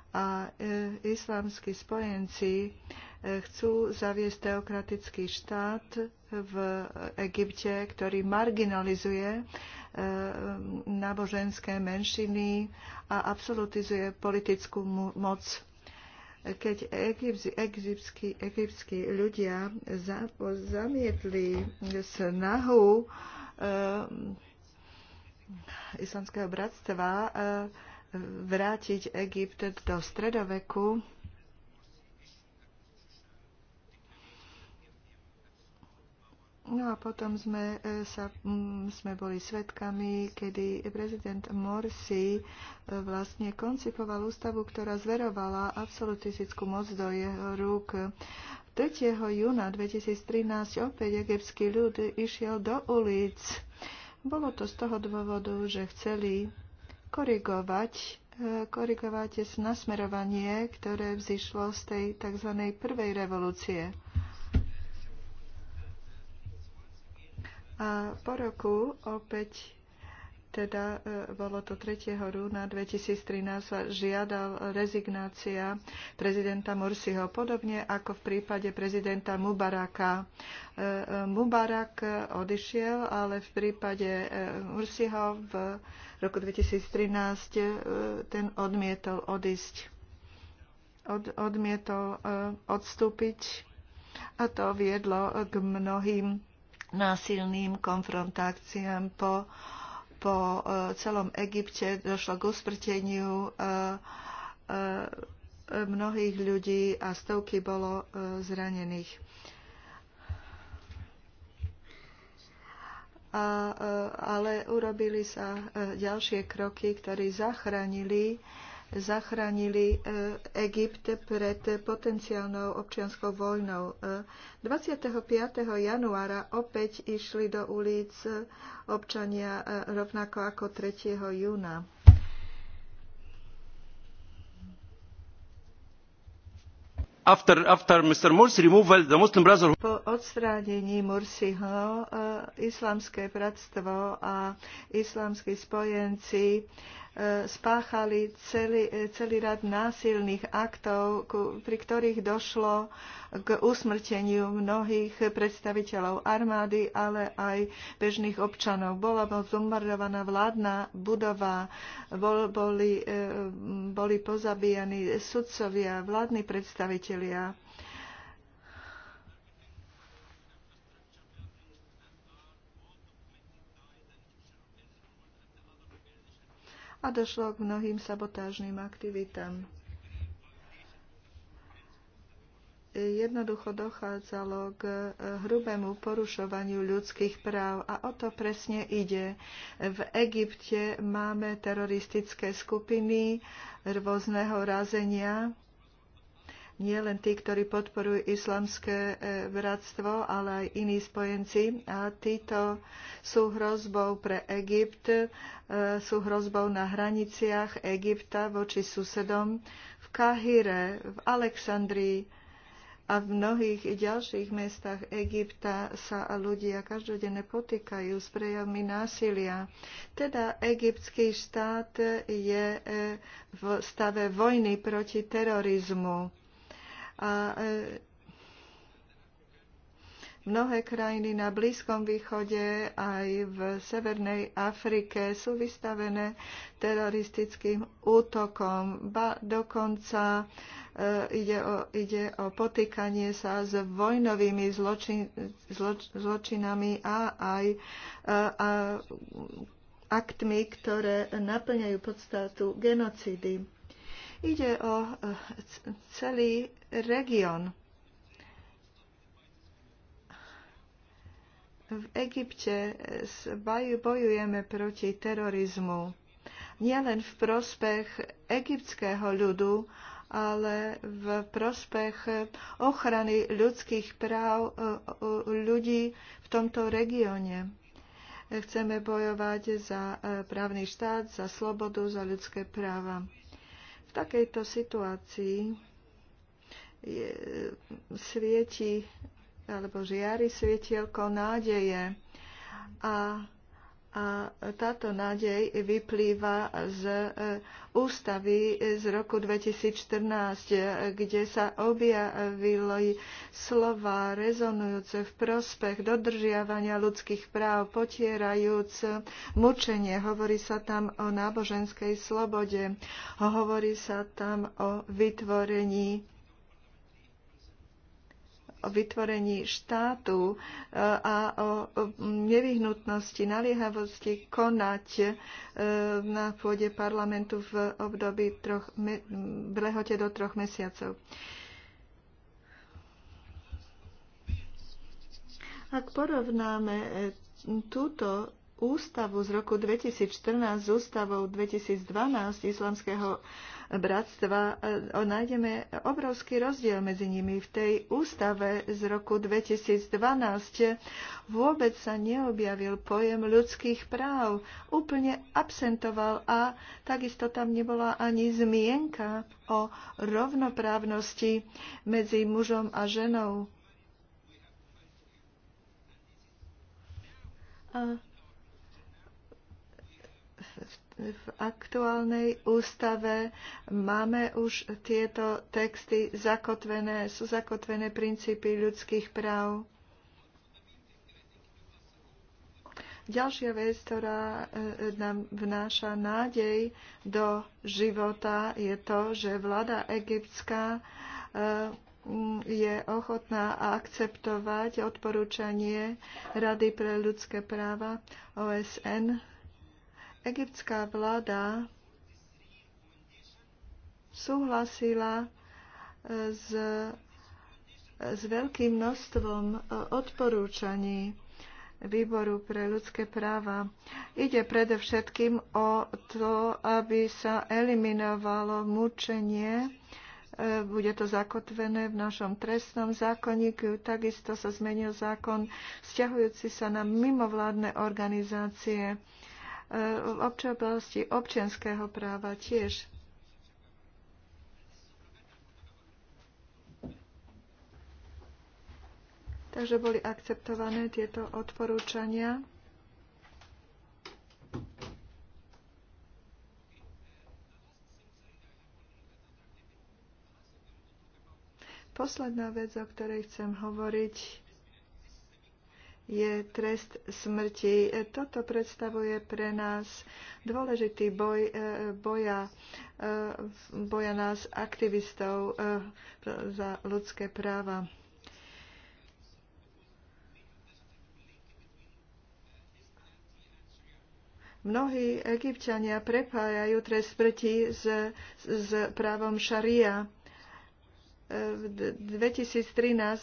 a e, islamskí spojenci chcú zaviesť teokratický štát v Egypte, ktorý marginalizuje náboženské menšiny a absolutizuje politickú moc keď egyptskí, ľudia zamietli snahu eh, islamského bratstva eh, vrátiť Egypt do stredoveku, No a potom sme, e, sa, mm, sme boli svetkami, kedy prezident Morsi e, vlastne koncipoval ústavu, ktorá zverovala absolutistickú moc do jeho rúk. 3. júna 2013 opäť egyptský ľud išiel do ulic. Bolo to z toho dôvodu, že chceli korigovať, e, korigovať nasmerovanie, ktoré vzýšlo z tej tzv. prvej revolúcie. A po roku opäť teda e, bolo to 3. rúna 2013, sa žiadal rezignácia prezidenta Mursiho, podobne ako v prípade prezidenta Mubaraka. E, e, Mubarak odišiel, ale v prípade Mursiho v roku 2013 ten odmietol odísť. Od, odmietol odstúpiť a to viedlo k mnohým násilným konfrontáciám po, po e, celom Egypte. Došlo k usprteniu e, e, mnohých ľudí a stovky bolo zranených. A, ale urobili sa ďalšie kroky, ktoré zachránili zachránili e, Egypt pred potenciálnou občianskou vojnou. 25. E, januára opäť išli do ulic občania e, rovnako ako 3. júna. After, after removal, Brotherhood... Po odstránení Mursiho islamské bratstvo a islamskí spojenci spáchali celý, celý rad násilných aktov, pri ktorých došlo k usmrteniu mnohých predstaviteľov armády, ale aj bežných občanov. Bola zombardovaná vládna budova, bol, boli, eh, boli pozabíjani sudcovia, vládni predstavitelia. a došlo k mnohým sabotážnym aktivitám. Jednoducho dochádzalo k eh, hrubému porušovaniu ľudských práv a o to presne ide. V Egypte máme teroristické skupiny rôzneho razenia, nie len tí, ktorí podporujú islamské e, bratstvo, ale aj iní spojenci. A títo sú hrozbou pre Egypt, e, sú hrozbou na hraniciach Egypta voči susedom v Kahire, v Alexandrii a v mnohých ďalších mestách Egypta sa ľudia každodenne potýkajú s prejavmi násilia. Teda egyptský štát je e, v stave vojny proti terorizmu a e, mnohé krajiny na Blízkom východe aj v Severnej Afrike sú vystavené teroristickým útokom. Ba dokonca e, ide, o, ide o potýkanie sa s vojnovými zločin, zloč, zločinami a aj a, e, a, aktmi, ktoré naplňajú podstatu genocídy. Ide o e, celý región. V Egypte e, bojujeme proti terorizmu nielen v prospech egyptského ľudu, ale v prospech ochrany ľudských práv e, ľudí v tomto regióne. Chceme bojovať za právny štát, za slobodu, za ľudské práva takejto situácii je, svieti alebo žiari svietielko nádeje a a táto nádej vyplýva z e, ústavy z roku 2014, e, kde sa objavilo slova rezonujúce v prospech dodržiavania ľudských práv, potierajúc mučenie. Hovorí sa tam o náboženskej slobode, hovorí sa tam o vytvorení o vytvorení štátu e, a o nevyhnutnosti, naliehavosti konať e, na pôde parlamentu v období troch, v lehote do troch mesiacov. Ak porovnáme e, túto ústavu z roku 2014 s ústavou 2012 islamského bratstva, e, nájdeme obrovský rozdiel medzi nimi. V tej ústave z roku 2012 vôbec sa neobjavil pojem ľudských práv, úplne absentoval a takisto tam nebola ani zmienka o rovnoprávnosti medzi mužom a ženou. A v aktuálnej ústave máme už tieto texty zakotvené, sú zakotvené princípy ľudských práv. Ďalšia vec, ktorá e, nám vnáša nádej do života, je to, že vláda egyptská e, je ochotná akceptovať odporúčanie Rady pre ľudské práva OSN egyptská vláda súhlasila e, s, s veľkým množstvom e, odporúčaní Výboru pre ľudské práva. Ide predovšetkým o to, aby sa eliminovalo mučenie. E, bude to zakotvené v našom trestnom zákonníku. Takisto sa zmenil zákon vzťahujúci sa na mimovládne organizácie v oblasti občianského práva tiež. Takže boli akceptované tieto odporúčania. Posledná vec, o ktorej chcem hovoriť, je trest smrti. Toto predstavuje pre nás dôležitý boj, e, boja, e, boja nás aktivistov e, za ľudské práva. Mnohí egyptiania prepájajú trest smrti s, s právom šaria v 2013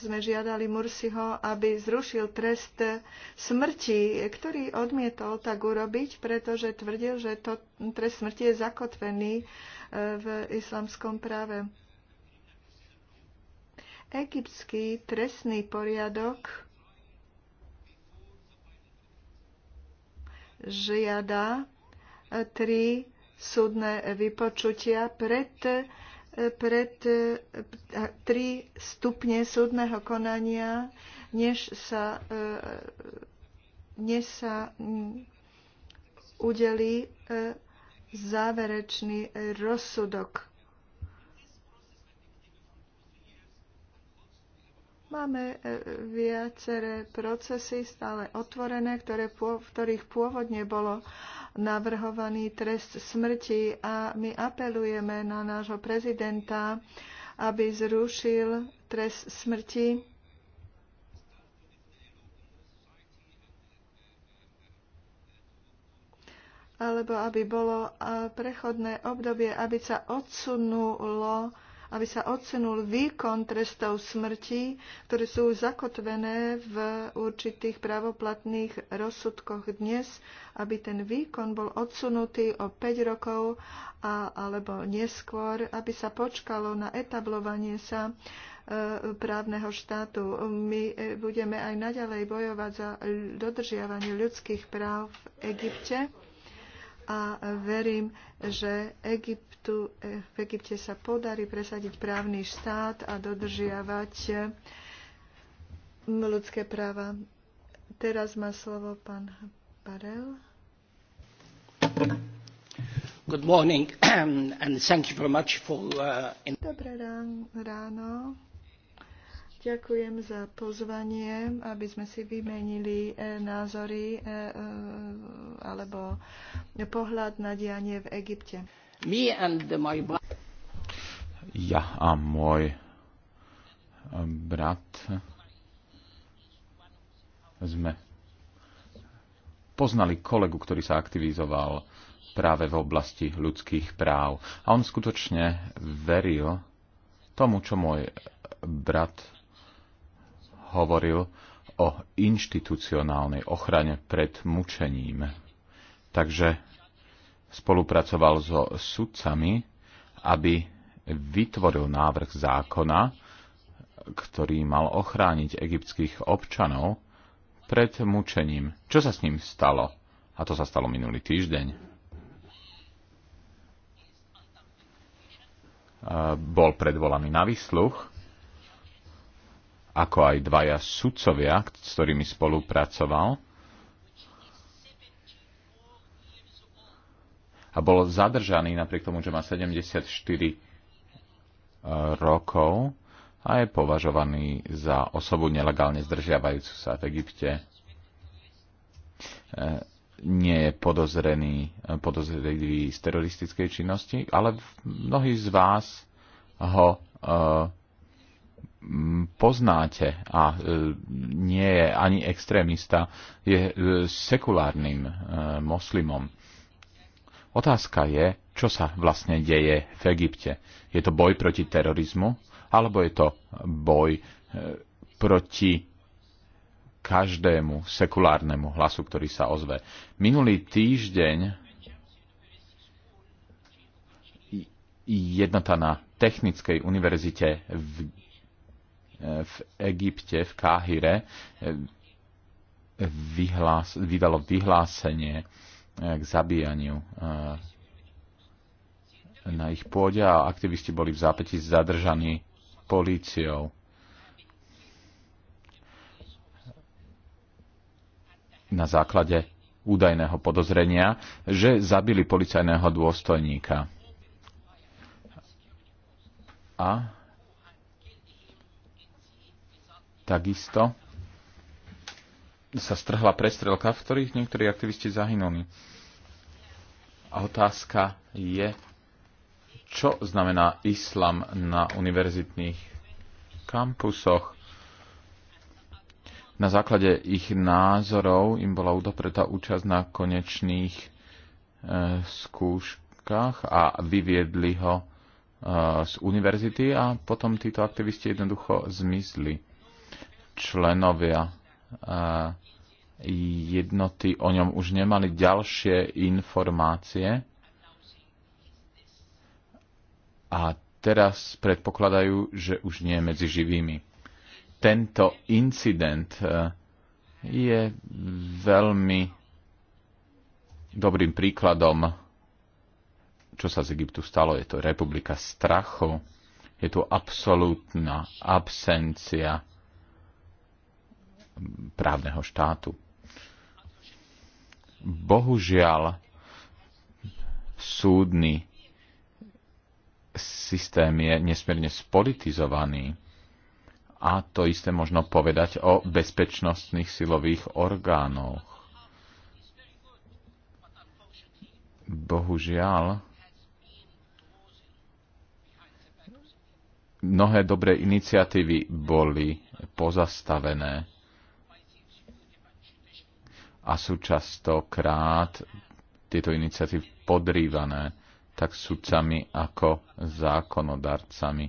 sme žiadali Mursiho, aby zrušil trest smrti, ktorý odmietol tak urobiť, pretože tvrdil, že to, trest smrti je zakotvený e, v islamskom práve. Egyptský trestný poriadok žiada e, tri súdne vypočutia pred pred e, tri stupne súdneho konania, než sa, e, než sa udeli e, záverečný rozsudok. Máme viaceré procesy stále otvorené, ktoré, v ktorých pôvodne bolo navrhovaný trest smrti a my apelujeme na nášho prezidenta, aby zrušil trest smrti. alebo aby bolo prechodné obdobie, aby sa odsunulo aby sa odsunul výkon trestov smrti, ktoré sú zakotvené v určitých pravoplatných rozsudkoch dnes, aby ten výkon bol odsunutý o 5 rokov a, alebo neskôr, aby sa počkalo na etablovanie sa e, právneho štátu. My e, budeme aj naďalej bojovať za dodržiavanie ľudských práv v Egypte a verím, že Egyptu, v Egypte sa podarí presadiť právny štát a dodržiavať mm, ľudské práva. Teraz má slovo pán Barel. Good morning and thank you very much for... Uh, Dobré ráno. Ďakujem za pozvanie, aby sme si vymenili e, názory e, e, alebo pohľad na dianie v Egypte. Ja a môj brat sme poznali kolegu, ktorý sa aktivizoval práve v oblasti ľudských práv. A on skutočne veril tomu, čo môj brat hovoril o inštitucionálnej ochrane pred mučením. Takže spolupracoval so sudcami, aby vytvoril návrh zákona, ktorý mal ochrániť egyptských občanov pred mučením. Čo sa s ním stalo? A to sa stalo minulý týždeň. Bol predvolaný na výsluch ako aj dvaja sudcovia, s ktorými spolupracoval. A bol zadržaný napriek tomu, že má 74 e, rokov a je považovaný za osobu nelegálne zdržiavajúcu sa v Egypte. E, nie je podozrený, e, podozrivý z teroristickej činnosti, ale mnohí z vás ho poznáte a e, nie je ani extrémista, je e, sekulárnym e, moslimom. Otázka je, čo sa vlastne deje v Egypte. Je to boj proti terorizmu, alebo je to boj proti každému sekulárnemu hlasu, ktorý sa ozve. Minulý týždeň jednota na Technickej univerzite v v Egypte, v Káhire, vyhlás, vydalo vyhlásenie eh, k zabíjaniu eh, na ich pôde a aktivisti boli v zápäti zadržaní políciou. na základe údajného podozrenia, že zabili policajného dôstojníka. A Takisto sa strhla prestrelka, v ktorých niektorí aktivisti zahynuli. A otázka je, čo znamená islam na univerzitných kampusoch. Na základe ich názorov im bola udopretá účasť na konečných e, skúškach a vyviedli ho e, z univerzity a potom títo aktivisti jednoducho zmizli členovia e, jednoty o ňom už nemali ďalšie informácie a teraz predpokladajú, že už nie je medzi živými. Tento incident e, je veľmi dobrým príkladom, čo sa z Egyptu stalo. Je to republika strachu, je tu absolútna absencia právneho štátu. Bohužiaľ, súdny systém je nesmierne spolitizovaný a to isté možno povedať o bezpečnostných silových orgánoch. Bohužiaľ, mnohé dobré iniciatívy boli pozastavené a sú častokrát tieto iniciatívy podrývané tak sudcami ako zákonodarcami.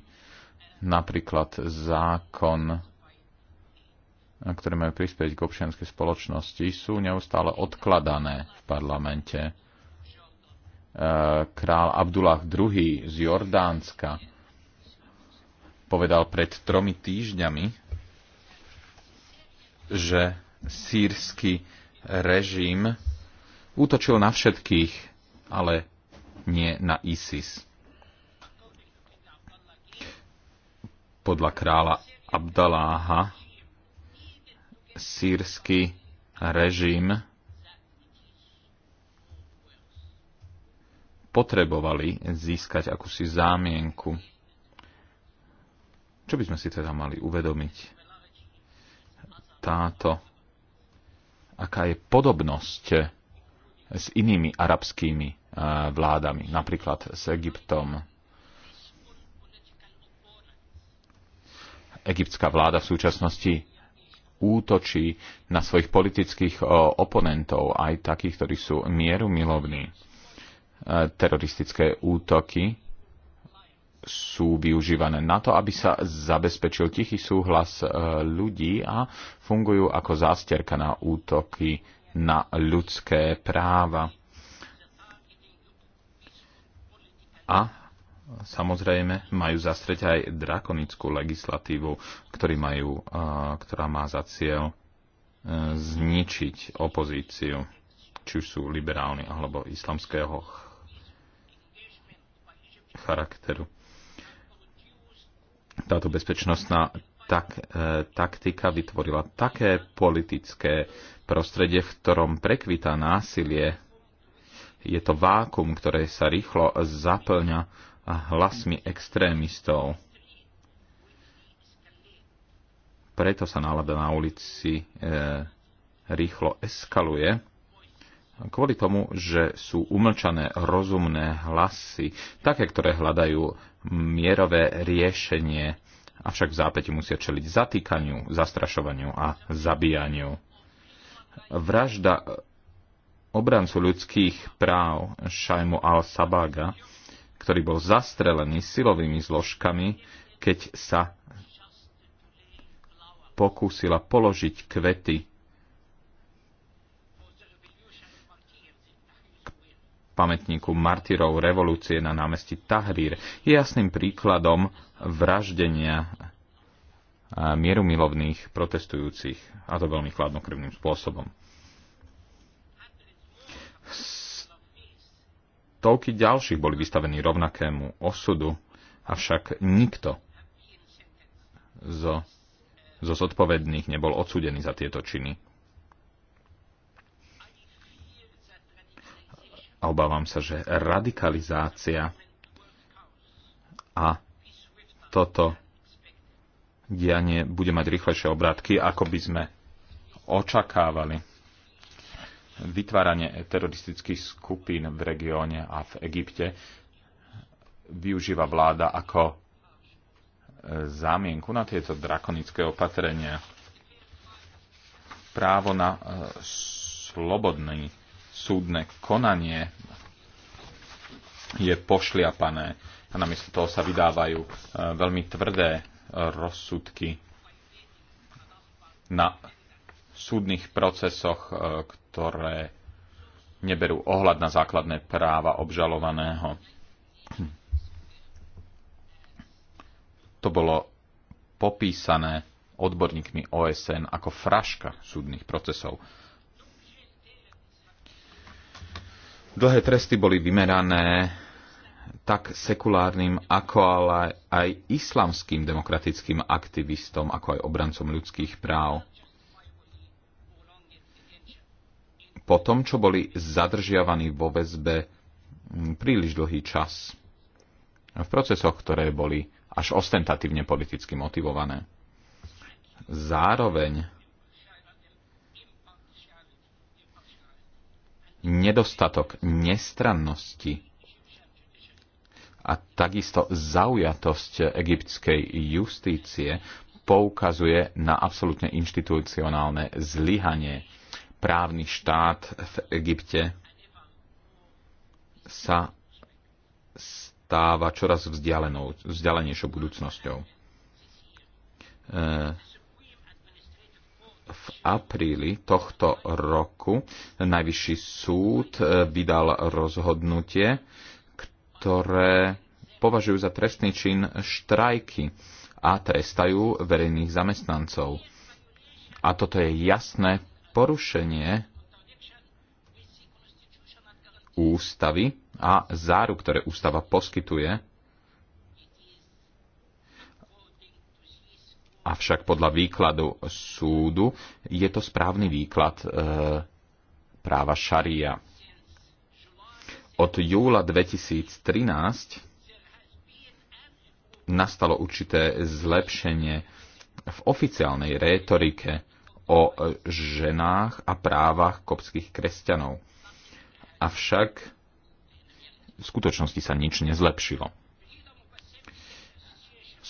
Napríklad zákon, ktoré majú prispieť k občianskej spoločnosti, sú neustále odkladané v parlamente. E, král Abdullah II z Jordánska povedal pred tromi týždňami, že sírsky režim útočil na všetkých, ale nie na ISIS. Podľa kráľa Abdaláha sírsky režim potrebovali získať akúsi zámienku. Čo by sme si teda mali uvedomiť? Táto aká je podobnosť s inými arabskými eh, vládami, napríklad s Egyptom. Egyptská vláda v súčasnosti útočí na svojich politických eh, oponentov, aj takých, ktorí sú mierumilovní. Eh, teroristické útoky sú využívané na to, aby sa zabezpečil tichý súhlas e, ľudí a fungujú ako zásterka na útoky na ľudské práva. A samozrejme majú zastreť aj drakonickú legislatívu, ktorý majú, e, ktorá má za cieľ e, zničiť opozíciu, či už sú liberálni alebo islamského charakteru táto bezpečnostná tak, e, taktika vytvorila také politické prostredie, v ktorom prekvita násilie. Je to vákum, ktoré sa rýchlo zaplňa hlasmi extrémistov. Preto sa nálada na ulici e, rýchlo eskaluje kvôli tomu, že sú umlčané rozumné hlasy, také, ktoré hľadajú mierové riešenie, avšak v zápäti musia čeliť zatýkaniu, zastrašovaniu a zabíjaniu. Vražda obrancu ľudských práv Šajmu al-Sabaga, ktorý bol zastrelený silovými zložkami, keď sa pokúsila položiť kvety pamätníku martyrov revolúcie na námestí Tahrír je jasným príkladom vraždenia eh, mierumilovných protestujúcich, a to veľmi chladnokrvným spôsobom. Toľky ďalších boli vystavení rovnakému osudu, avšak nikto zo, zo zodpovedných nebol odsudený za tieto činy. a obávam sa, že radikalizácia a toto dianie bude mať rýchlejšie obrátky, ako by sme očakávali. Vytváranie teroristických skupín v regióne a v Egypte využíva vláda ako e, zámienku na tieto drakonické opatrenia. Právo na e, slobodný súdne konanie je pošliapané a namiesto toho sa vydávajú e, veľmi tvrdé rozsudky na súdnych procesoch, e, ktoré neberú ohľad na základné práva obžalovaného. To bolo popísané odborníkmi OSN ako fraška súdnych procesov. Dlhé tresty boli vymerané tak sekulárnym, ako ale aj islamským demokratickým aktivistom, ako aj obrancom ľudských práv. Po tom, čo boli zadržiavaní vo väzbe príliš dlhý čas v procesoch, ktoré boli až ostentatívne politicky motivované. Zároveň nedostatok nestrannosti a takisto zaujatosť egyptskej justície poukazuje na absolútne inštitucionálne zlyhanie. Právny štát v Egypte sa stáva čoraz vzdialenejšou budúcnosťou. E v apríli tohto roku Najvyšší súd e, vydal rozhodnutie, ktoré považujú za trestný čin štrajky a trestajú verejných zamestnancov. A toto je jasné porušenie ústavy a záru, ktoré ústava poskytuje Avšak podľa výkladu súdu je to správny výklad e, práva šaria. Od júla 2013 nastalo určité zlepšenie v oficiálnej rétorike o ženách a právach kopských kresťanov. Avšak v skutočnosti sa nič nezlepšilo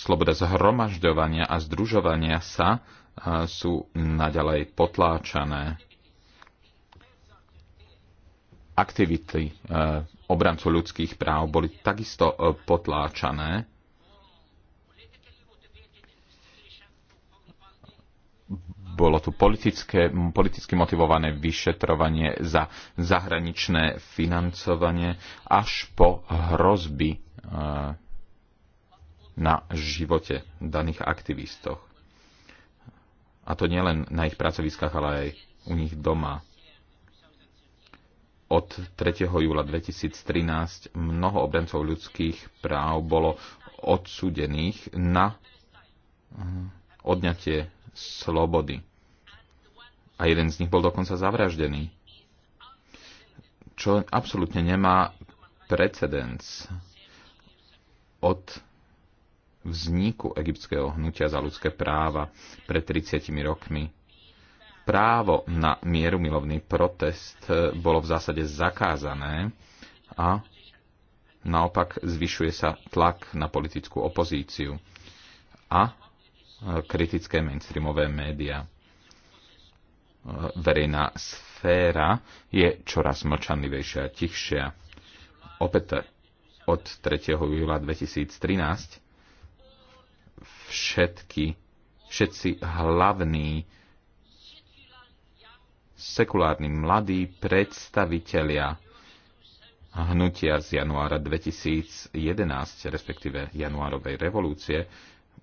sloboda zhromažďovania a združovania sa e, sú naďalej potláčané. Aktivity e, obrancu ľudských práv boli takisto e, potláčané. Bolo tu politické, politicky motivované vyšetrovanie za zahraničné financovanie až po hrozby na živote daných aktivistoch. A to nielen na ich pracoviskách, ale aj u nich doma. Od 3. júla 2013 mnoho obrancov ľudských práv bolo odsudených na hm, odňatie slobody. A jeden z nich bol dokonca zavraždený. Čo absolútne nemá precedens od vzniku egyptského hnutia za ľudské práva pred 30 rokmi. Právo na mierumilovný protest e, bolo v zásade zakázané a naopak zvyšuje sa tlak na politickú opozíciu a e, kritické mainstreamové médiá. E, verejná sféra je čoraz mlčanlivejšia a tichšia. Opäť od 3. júla 2013 všetky, všetci hlavní sekulárni mladí predstavitelia hnutia z januára 2011, respektíve januárovej revolúcie,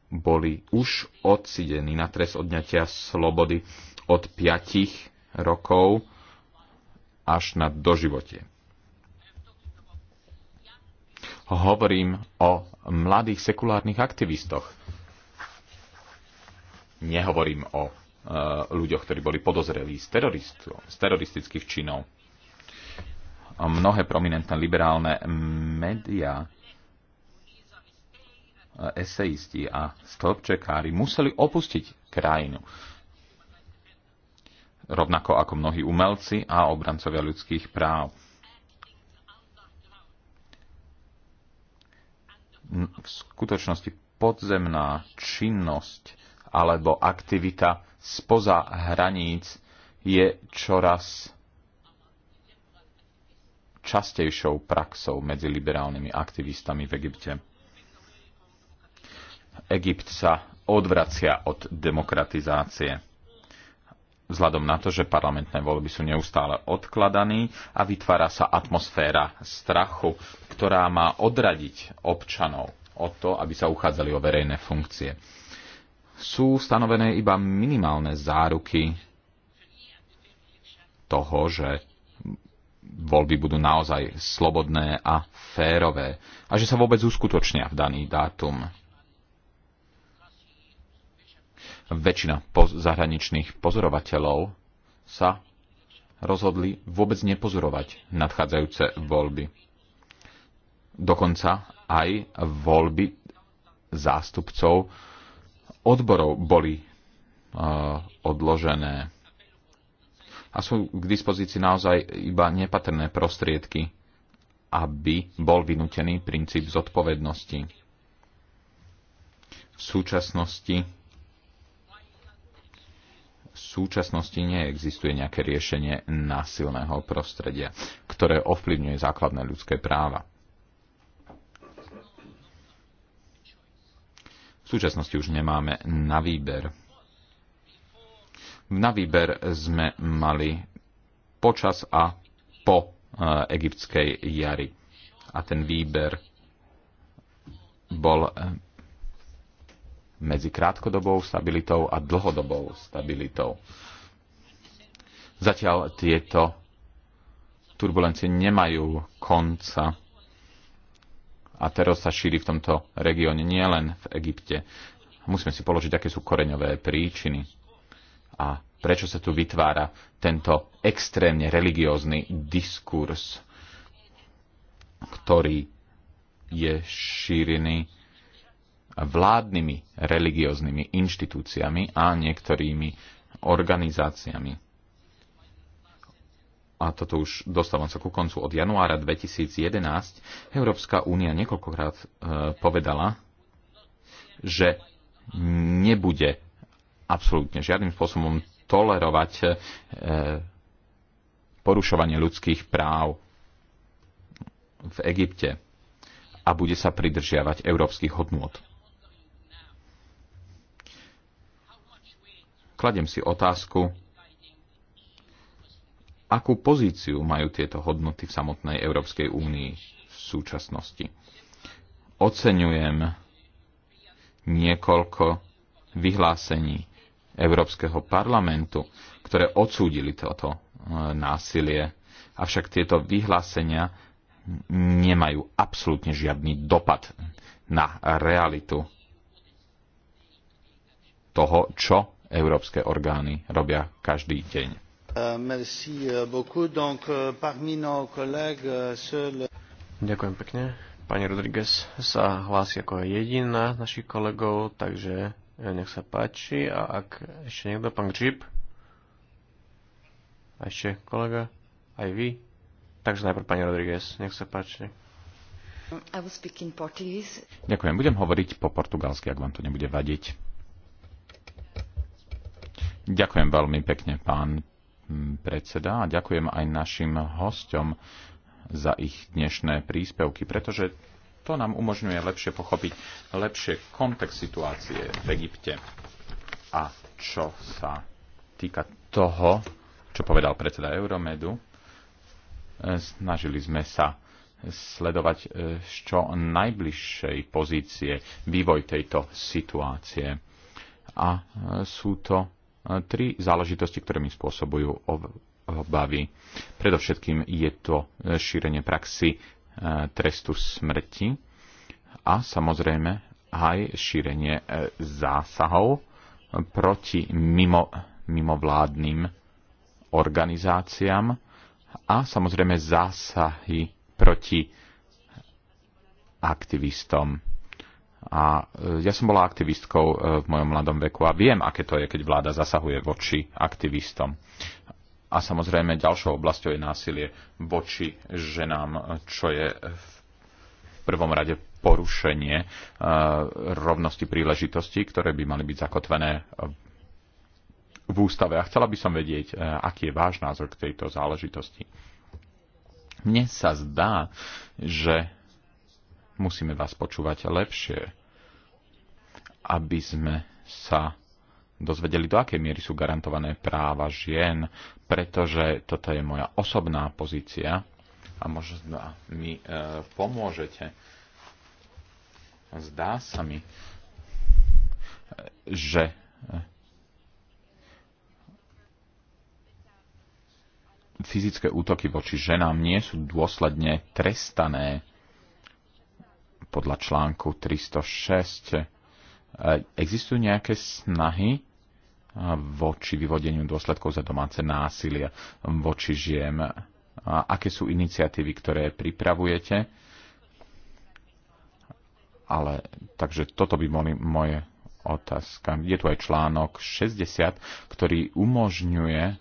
boli už odsidení na trest odňatia slobody od 5 rokov až na doživote. Hovorím o mladých sekulárnych aktivistoch, Nehovorím o e, ľuďoch, ktorí boli podozrelí z, z teroristických činov. Mnohé prominentné liberálne médiá, e, eseisti a stĺpčekári museli opustiť krajinu. Rovnako ako mnohí umelci a obrancovia ľudských práv. V skutočnosti podzemná činnosť alebo aktivita spoza hraníc je čoraz častejšou praxou medzi liberálnymi aktivistami v Egypte. Egypt sa odvracia od demokratizácie. Vzhľadom na to, že parlamentné voľby sú neustále odkladaní a vytvára sa atmosféra strachu, ktorá má odradiť občanov od to, aby sa uchádzali o verejné funkcie sú stanovené iba minimálne záruky toho, že voľby budú naozaj slobodné a férové a že sa vôbec uskutočnia v daný dátum. Väčšina poz- zahraničných pozorovateľov sa rozhodli vôbec nepozorovať nadchádzajúce voľby. Dokonca aj voľby zástupcov odborov boli uh, odložené. A sú k dispozícii naozaj iba nepatrné prostriedky, aby bol vynútený princíp zodpovednosti. V súčasnosti v súčasnosti neexistuje nejaké riešenie násilného prostredia, ktoré ovplyvňuje základné ľudské práva. V súčasnosti už nemáme na výber. Na výber sme mali počas a po e, egyptskej jari. A ten výber bol e, medzi krátkodobou stabilitou a dlhodobou stabilitou. Zatiaľ tieto turbulencie nemajú konca a teror sa šíri v tomto regióne, nielen v Egypte. Musíme si položiť, aké sú koreňové príčiny a prečo sa tu vytvára tento extrémne religiózny diskurs, ktorý je šírený vládnymi religióznymi inštitúciami a niektorými organizáciami a toto už dostávam sa ku koncu, od januára 2011 Európska únia niekoľkokrát e, povedala, že nebude absolútne žiadnym spôsobom tolerovať e, porušovanie ľudských práv v Egypte a bude sa pridržiavať európskych hodnôt. Kladem si otázku, akú pozíciu majú tieto hodnoty v samotnej Európskej únii v súčasnosti. Oceňujem niekoľko vyhlásení Európskeho parlamentu, ktoré odsúdili toto e, násilie. Avšak tieto vyhlásenia nemajú absolútne žiadny dopad na realitu toho, čo európske orgány robia každý deň. Euh, euh, euh, Ďakujem pekne. Pani Rodriguez sa hlási ako jediná z našich kolegov, takže eh, nech sa páči. A ak ešte niekto, pán Čip? A ešte kolega? Aj vy? Takže najprv pani Rodriguez, nech sa páči. Ďakujem, budem hovoriť po portugalsky, ak vám to nebude vadiť. Ďakujem veľmi pekne, pán Mm, predseda a ďakujem aj našim hostom za ich dnešné príspevky, pretože to nám umožňuje lepšie pochopiť lepšie kontext situácie v Egypte. A čo sa týka toho, čo povedal predseda Euromedu, e, snažili sme sa sledovať e, z čo najbližšej pozície vývoj tejto situácie. A e, sú to E, tri záležitosti, ktoré mi spôsobujú obavy. Predovšetkým je to e, šírenie praxi e, trestu smrti a samozrejme aj šírenie zásahov proti mimo, mimovládnym organizáciám a samozrejme zásahy proti aktivistom a e, ja som bola aktivistkou e, v mojom mladom veku a viem, aké to je, keď vláda zasahuje voči aktivistom. A samozrejme ďalšou oblasťou je násilie voči ženám, čo je v prvom rade porušenie e, rovnosti príležitostí, ktoré by mali byť zakotvené v ústave. A chcela by som vedieť, aký je váš názor k tejto záležitosti. Mne sa zdá, že musíme vás počúvať lepšie aby sme sa dozvedeli, do akej miery sú garantované práva žien, pretože toto je moja osobná pozícia a možno mi e, pomôžete. Zdá sa mi, e, že e, fyzické útoky voči ženám nie sú dôsledne trestané podľa článku 306 E, existujú nejaké snahy e, voči vyvodeniu dôsledkov za domáce násilia, voči žiem? E, aké sú iniciatívy, ktoré pripravujete? Ale takže toto by boli moje otázka. Je tu aj článok 60, ktorý umožňuje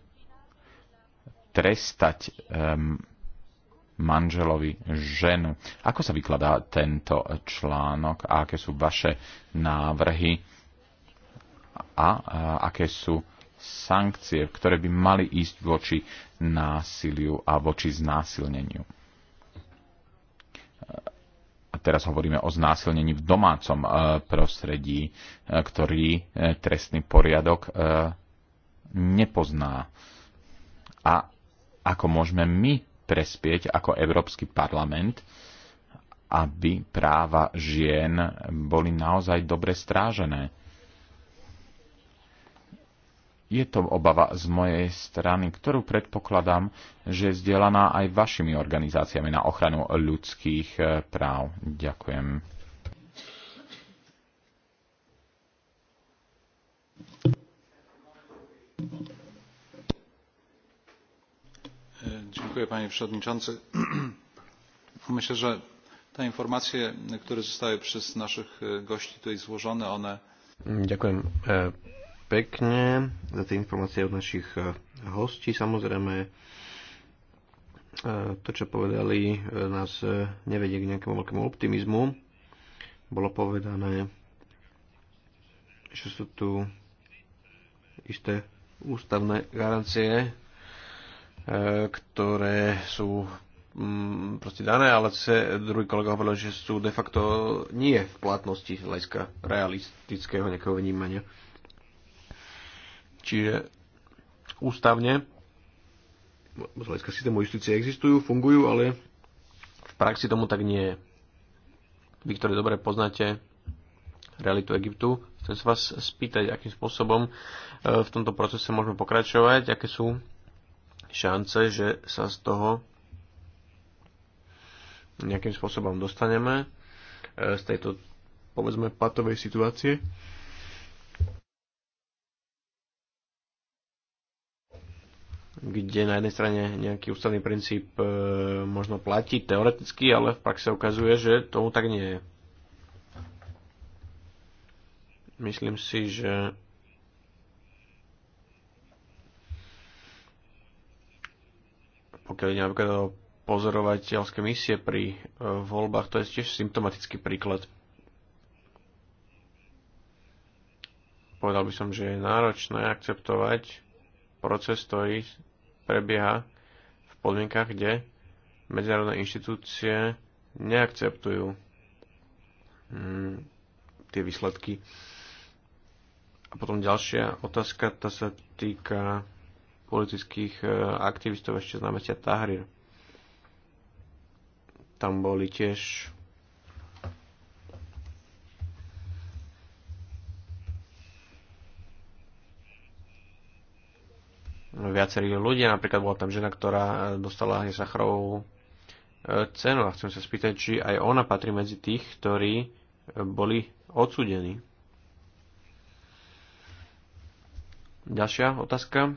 trestať um, manželovi ženu. Ako sa vykladá tento článok a aké sú vaše návrhy a aké sú sankcie, ktoré by mali ísť voči násiliu a voči znásilneniu? A teraz hovoríme o znásilnení v domácom e, prostredí, e, ktorý e, trestný poriadok nepozná. A ako môžeme my prespieť ako Európsky parlament, aby práva žien boli naozaj dobre strážené. Je to obava z mojej strany, ktorú predpokladám, že je zdieľaná aj vašimi organizáciami na ochranu ľudských eh, práv. Ďakujem. Dziękuję, panie przewodniczący. Myślę, że te informacje, które zostały przez naszych e, gości tutaj złożone, one... Ďakujem pekne za tie informácie od našich hostí. E, Samozrejme, e, to, čo povedali, nás nevedie k nejakému veľkému optimizmu. Bolo povedané, že sú tu isté ústavné garancie E, ktoré sú mm, proste dané, ale se, druhý kolega hovoril, že sú de facto nie v platnosti hľadiska realistického nejakého vnímania. Čiže ústavne z hľadiska systému justície existujú, fungujú, ale v praxi tomu tak nie je. Vy, ktorí dobre poznáte realitu Egyptu, chcem sa vás spýtať, akým spôsobom e, v tomto procese môžeme pokračovať, aké sú šance, že sa z toho nejakým spôsobom dostaneme e, z tejto, povedzme, patovej situácie. kde na jednej strane nejaký ústavný princíp e, možno platí teoreticky, ale v praxi ukazuje, že tomu tak nie je. Myslím si, že pokiaľ ide napríklad o pozorovateľské misie pri e, voľbách, to je tiež symptomatický príklad. Povedal by som, že je náročné akceptovať proces, ktorý prebieha v podmienkach, kde medzinárodné inštitúcie neakceptujú mm, tie výsledky. A potom ďalšia otázka, tá sa týka politických e, aktivistov ešte z námestia Tahrir. Tam boli tiež viacerí ľudia, napríklad bola tam žena, ktorá e, dostala Sacharovú e, cenu a chcem sa spýtať, či aj ona patrí medzi tých, ktorí boli odsudení. Ďalšia otázka.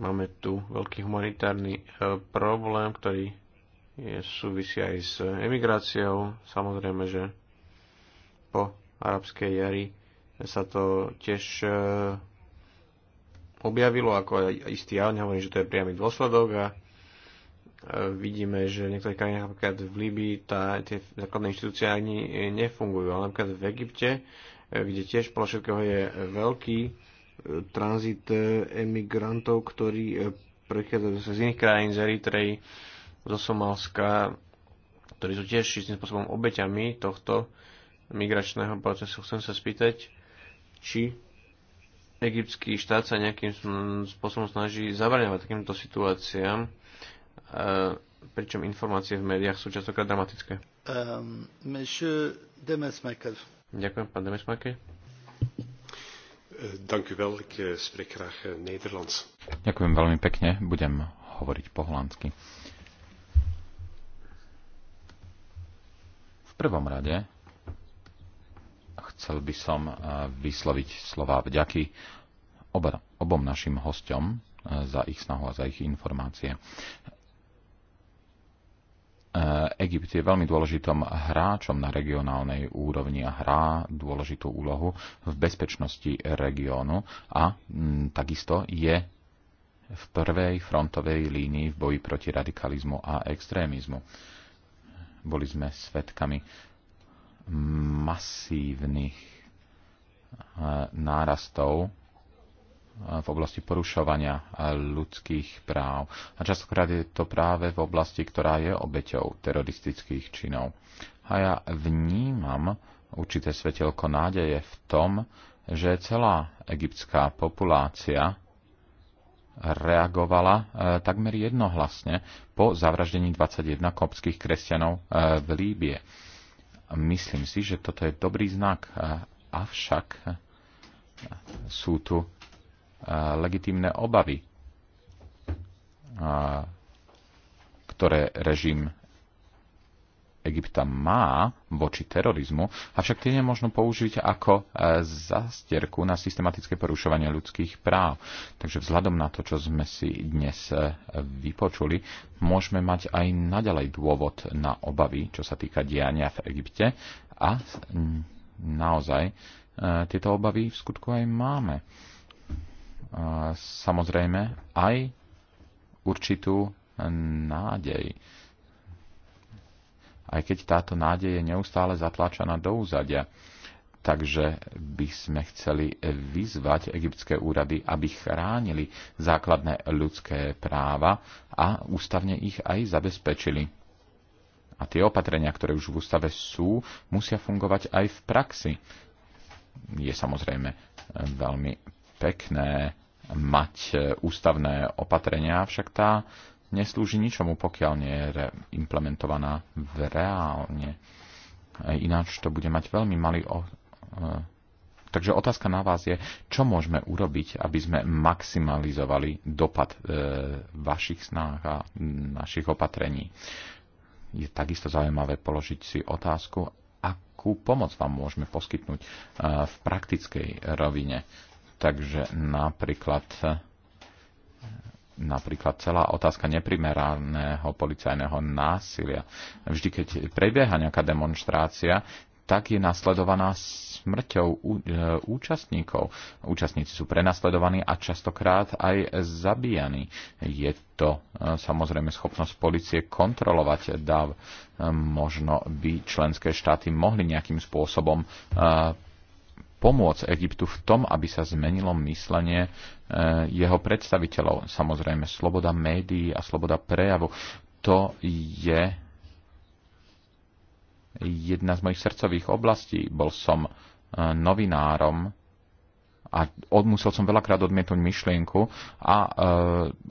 Máme tu veľký humanitárny e, problém, ktorý je, súvisí aj s emigráciou. Samozrejme, že po arabskej jari sa to tiež e, objavilo ako istý ja, nehovorím, že to je priamy dôsledok a e, vidíme, že v niektorých krajinách, napríklad v Líbii, tá, tie základné inštitúcie ani nefungujú, ale napríklad v Egypte, kde tiež podľa všetkého je veľký tranzit emigrantov, ktorí e, prechádzajú z iných krajín, z Eritreji, zo Somálska, ktorí sú tiež istým spôsobom obeťami tohto migračného procesu. Chcem sa spýtať, či egyptský štát sa nejakým spôsobom snaží zabraňovať takýmto situáciám, e, pričom informácie v médiách sú častokrát dramatické. Um, Ďakujem, pán Demesmaker. Eh, dank u wel, ik eh, spreek graag eh, Nederlands. Ďakujem veľmi pekne, budem hovoriť po holandsky. V prvom rade chcel by som vysloviť slova vďaky obom našim hosťom za ich snahu a za ich informácie. Eh, Egypt je veľmi dôležitým hráčom na regionálnej úrovni a hrá dôležitú úlohu v bezpečnosti regiónu a m, mm, takisto je v prvej frontovej línii v boji proti radikalizmu a extrémizmu. Boli sme svetkami masívnych eh, nárastov v oblasti porušovania eh, ľudských práv. A častokrát je to práve v oblasti, ktorá je obeťou teroristických činov. A ja vnímam určité svetelko nádeje v tom, že celá egyptská populácia reagovala eh, takmer jednohlasne po zavraždení 21 kopských kresťanov eh, v Líbie. Myslím si, že toto je dobrý znak, avšak sú tu legitímne obavy, ktoré režim Egypta má voči terorizmu, avšak tie nemôžno použiť ako e, zastierku na systematické porušovanie ľudských práv. Takže vzhľadom na to, čo sme si dnes e, vypočuli, môžeme mať aj naďalej dôvod na obavy, čo sa týka diania v Egypte a naozaj e, tieto obavy v skutku aj máme samozrejme aj určitú nádej. Aj keď táto nádej je neustále zatláčaná do úzadia. Takže by sme chceli vyzvať egyptské úrady, aby chránili základné ľudské práva a ústavne ich aj zabezpečili. A tie opatrenia, ktoré už v ústave sú, musia fungovať aj v praxi. Je samozrejme veľmi pekné mať e, ústavné opatrenia, avšak tá neslúži ničomu, pokiaľ nie je implementovaná v reálne. E, ináč to bude mať veľmi malý... O... E, Takže otázka na vás je, čo môžeme urobiť, aby sme maximalizovali dopad vašich snách a našich opatrení. Je takisto zaujímavé položiť si otázku, akú pomoc vám môžeme poskytnúť v praktickej rovine Takže napríklad napríklad celá otázka neprimeraného policajného násilia. Vždy, keď prebieha nejaká demonstrácia, tak je nasledovaná smrťou e, účastníkov. Účastníci sú prenasledovaní a častokrát aj zabíjani. Je to e, samozrejme schopnosť policie kontrolovať dav. E, možno by členské štáty mohli nejakým spôsobom pomôcť Egyptu v tom, aby sa zmenilo myslenie e, jeho predstaviteľov. Samozrejme, sloboda médií a sloboda prejavu, to je jedna z mojich srdcových oblastí. Bol som e, novinárom a musel som veľakrát odmietnúť myšlienku a e,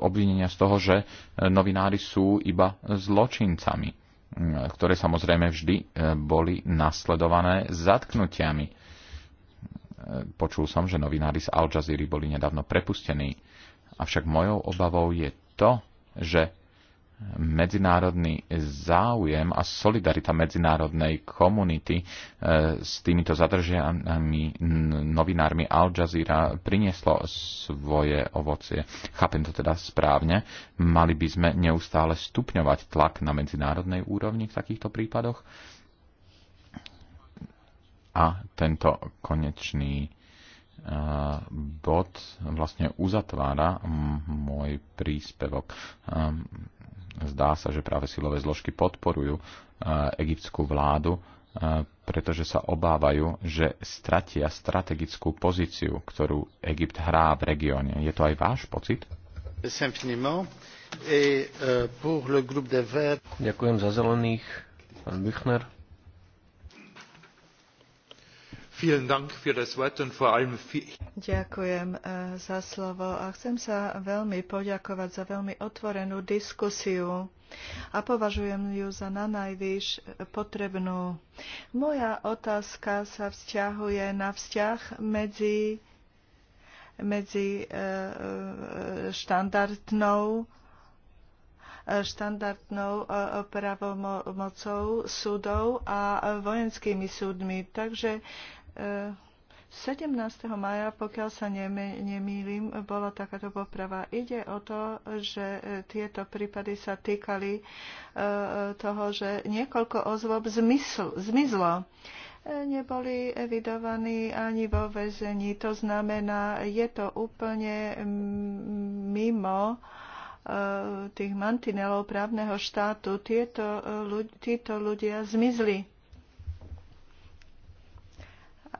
obvinenia z toho, že novinári sú iba zločincami, ktoré samozrejme vždy boli nasledované zatknutiami Počul som, že novinári z Al Jazeera boli nedávno prepustení. Avšak mojou obavou je to, že medzinárodný záujem a solidarita medzinárodnej komunity e, s týmito zadržanými novinármi Al Jazeera prinieslo svoje ovocie. Chápem to teda správne. Mali by sme neustále stupňovať tlak na medzinárodnej úrovni v takýchto prípadoch a tento konečný e, bod vlastne uzatvára môj príspevok. E, zdá sa, že práve silové zložky podporujú e, egyptskú vládu, pretože sa obávajú, že stratia strategickú pozíciu, ktorú Egypt hrá v regióne. Je to aj váš pocit? Ďakujem za zelených, pán Büchner. Ďakujem eh, za slovo a chcem sa veľmi poďakovať za veľmi otvorenú diskusiu a považujem ju za nanajvýš potrebnú. Moja otázka sa vzťahuje na vzťah medzi, medzi eh, eh, štandardnou štandardnou pravomocou súdov a vojenskými súdmi. Takže 17. E, maja, pokiaľ sa nemýlim, bola takáto poprava. Ide o to, že e, tieto prípady sa týkali e, toho, že niekoľko ozvob zmysl, zmizlo. Neboli evidovaní ani vo väzení. To znamená, je to úplne mimo tých mantinelov právneho štátu. títo ľudia zmizli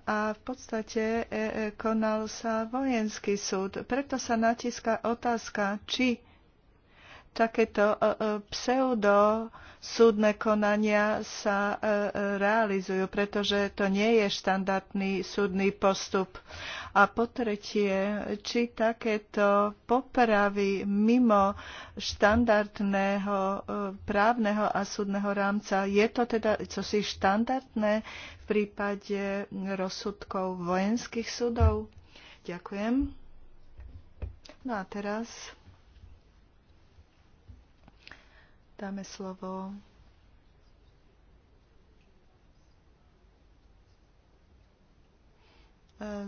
a v podstate e, e, konal sa vojenský súd. Preto sa natíska otázka, či takéto e, pseudo súdne konania sa realizujú, pretože to nie je štandardný súdny postup. A po tretie, či takéto popravy mimo štandardného e, právneho a súdneho rámca, je to teda čo si štandardné v prípade rozsudkov vojenských súdov? Ďakujem. No a teraz dáme slovo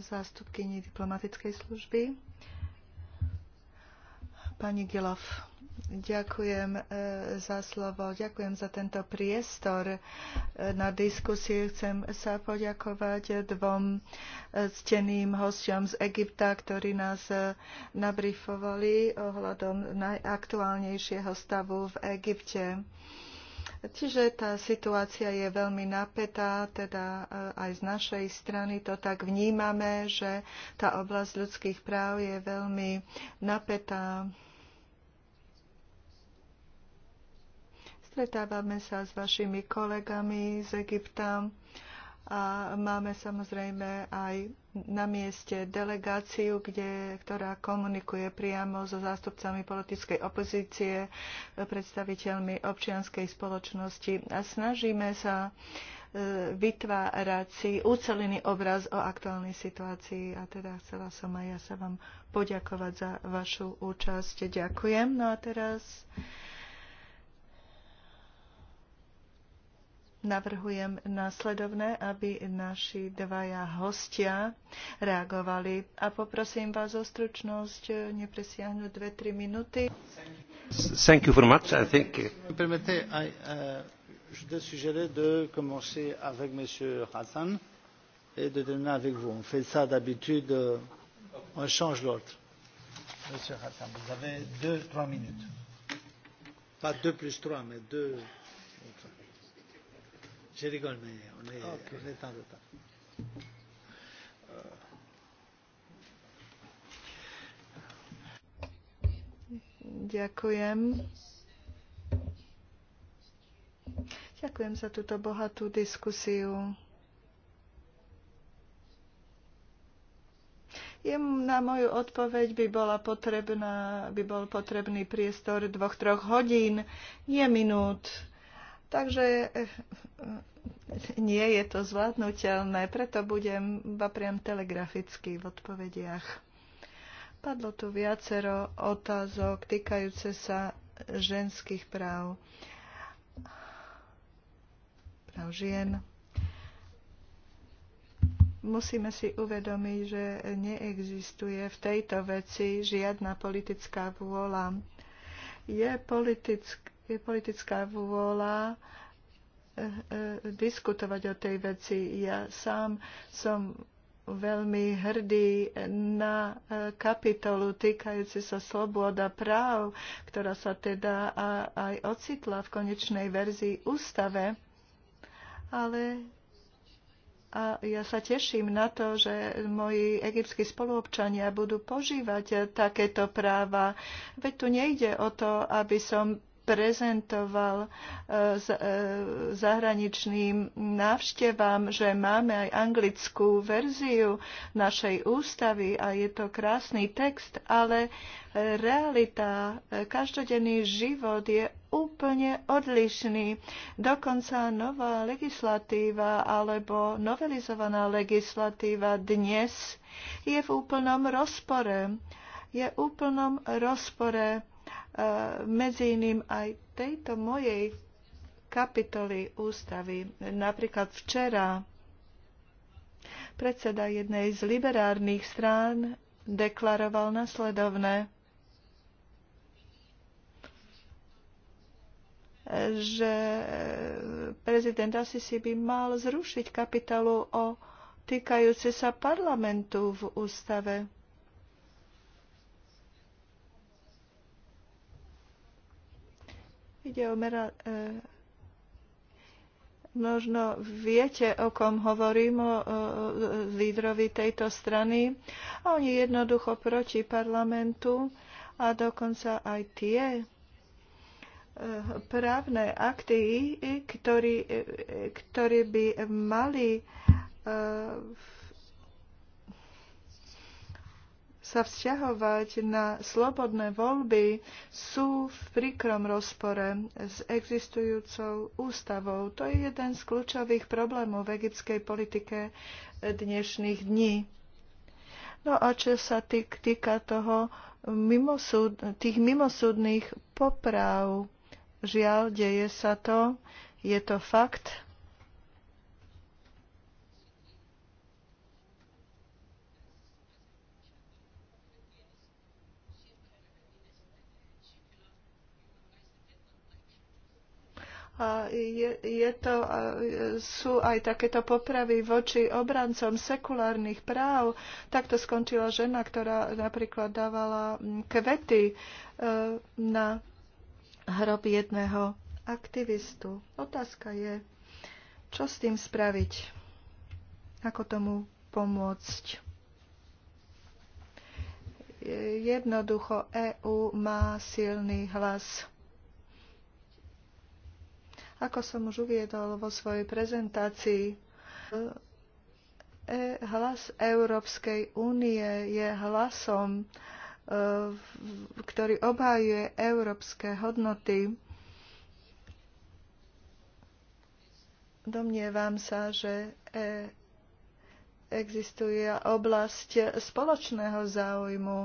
zástupkyni diplomatickej služby. Pani Gilov, ďakujem e, za slovo, ďakujem za tento priestor e, na diskusiu. Chcem sa poďakovať dvom e, cteným hosťom z Egypta, ktorí nás nabrifovali ohľadom najaktuálnejšieho stavu v Egypte. Čiže tá situácia je veľmi napätá, teda eh, aj z našej strany to tak vnímame, že tá oblasť ľudských práv je veľmi napätá. Stretávame sa s vašimi kolegami z Egypta a máme samozrejme aj na mieste delegáciu, kde, ktorá komunikuje priamo so zástupcami politickej opozície, predstaviteľmi občianskej spoločnosti a snažíme sa e, vytvárať si ucelený obraz o aktuálnej situácii. A teda chcela som aj ja sa vám poďakovať za vašu účasť. Ďakujem. No a teraz navrhujem následovné, aby naši dvaja hostia reagovali. A poprosím vás o stručnosť, eh, nepresiahnuť dve tri minúty. Thank you very much. I think... Eh, Permettez, I, uh, je te suggérais de commencer avec M. Hassan et de terminer avec vous. On fait ça d'habitude, euh, on change l'ordre. M. Hassan, vous avez deux, trois minutes. Pas deux plus trois, mais deux. Okay. Je rigole, mais on est, okay. on est en retard. Ďakujem. Ďakujem za túto bohatú diskusiu. je na moju odpoveď by, bola potrebná, by bol potrebný priestor dvoch, troch hodín, nie minút. Takže eh, eh, nie je to zvládnutelné, preto budem iba priam telegraficky v odpovediach. Padlo tu viacero otázok týkajúce sa ženských práv, práv žien. Musíme si uvedomiť, že neexistuje v tejto veci žiadna politická vôľa. Je politick, je politická vôľa eh, eh, diskutovať o tej veci. Ja sám som veľmi hrdý na eh, kapitolu týkajúci sa sloboda práv, ktorá sa teda aj ocitla v konečnej verzii ústave. Ale a ja sa teším na to, že moji egyptskí spoluobčania budú požívať takéto práva. Veď tu nejde o to, aby som prezentoval e, e, zahraničným návštevám, že máme aj anglickú verziu našej ústavy a je to krásny text, ale realita, e, každodenný život je úplne odlišný. Dokonca nová legislatíva alebo novelizovaná legislatíva dnes je v úplnom rozpore. Je v úplnom rozpore E, medzi iným aj tejto mojej kapitoly ústavy. Napríklad včera predseda jednej z liberárnych strán deklaroval nasledovné, že prezident Asisi by mal zrušiť kapitolu o týkajúce sa parlamentu v ústave. Ide o mera... E, možno viete, o kom hovorím, o, o, lídrovi tejto strany. A oni jednoducho proti parlamentu a dokonca aj tie e, právne akty, ktorí, e, ktorí by mali v sa vzťahovať na slobodné voľby, sú v príkrom rozpore s existujúcou ústavou. To je jeden z kľúčových problémov v egyptskej politike dnešných dní. No a čo sa týka toho mimosúd, tých mimosúdnych poprav, žiaľ, deje sa to, je to fakt. A je, je to, sú aj takéto popravy voči obrancom sekulárnych práv. Takto skončila žena, ktorá napríklad dávala kvety e, na hrob jedného aktivistu. Otázka je, čo s tým spraviť? Ako tomu pomôcť? Jednoducho EU má silný hlas ako som už uviedol vo svojej prezentácii, e, hlas Európskej únie je hlasom, e, ktorý obhajuje európske hodnoty. Domnievam sa, že e, existuje oblasť spoločného záujmu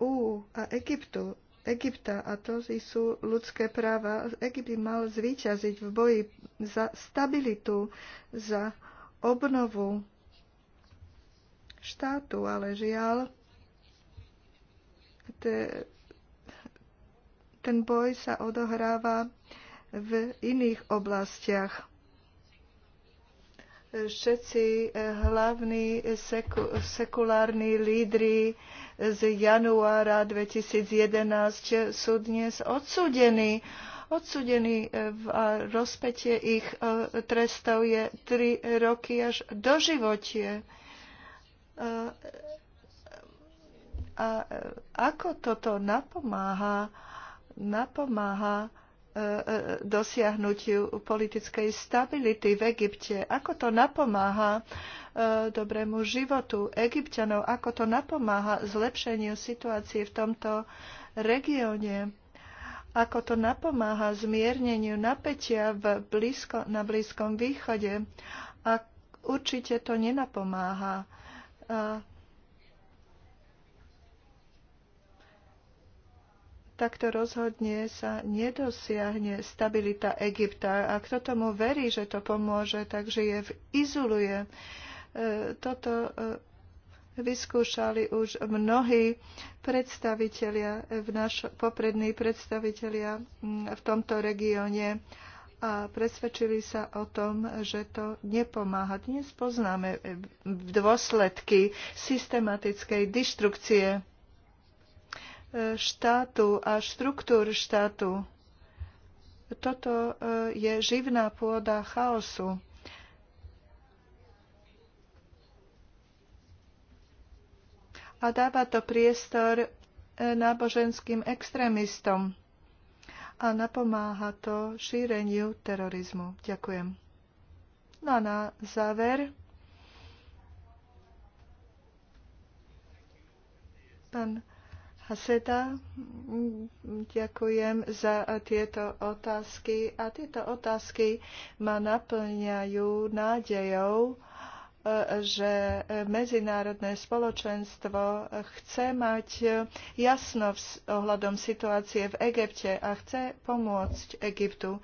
EÚ a Egyptu Egypta a to sú ľudské práva. Egypt by mal zvíťaziť v boji za stabilitu, za obnovu štátu, ale žiaľ, te, ten boj sa odohráva v iných oblastiach všetci eh, hlavní seku, sekulárni lídry z januára 2011 sú dnes odsudení. Odsudení eh, a rozpetie ich eh, trestov je 3 roky až do životie. A, a ako toto napomáha, napomáha dosiahnutiu politickej stability v Egypte, ako to napomáha e, dobrému životu egyptianov, ako to napomáha zlepšeniu situácie v tomto regióne, ako to napomáha zmierneniu napätia v blízko, na Blízkom východe. A určite to nenapomáha. takto rozhodne sa nedosiahne stabilita Egypta. A kto tomu verí, že to pomôže, takže je v izoluje. E, toto e, vyskúšali už mnohí predstavitelia, e, v naš, poprední predstavitelia v tomto regióne a presvedčili sa o tom, že to nepomáha. Dnes poznáme dôsledky systematickej dištrukcie štátu a štruktúr štátu. Toto e, je živná pôda chaosu. A dáva to priestor e, náboženským extrémistom a napomáha to šíreniu terorizmu. Ďakujem. No a na záver pán Haseda, mm, ďakujem za tieto otázky a tieto otázky ma naplňajú nádejou, e, že medzinárodné spoločenstvo chce mať jasno ohľadom situácie v Egypte a chce pomôcť Egyptu.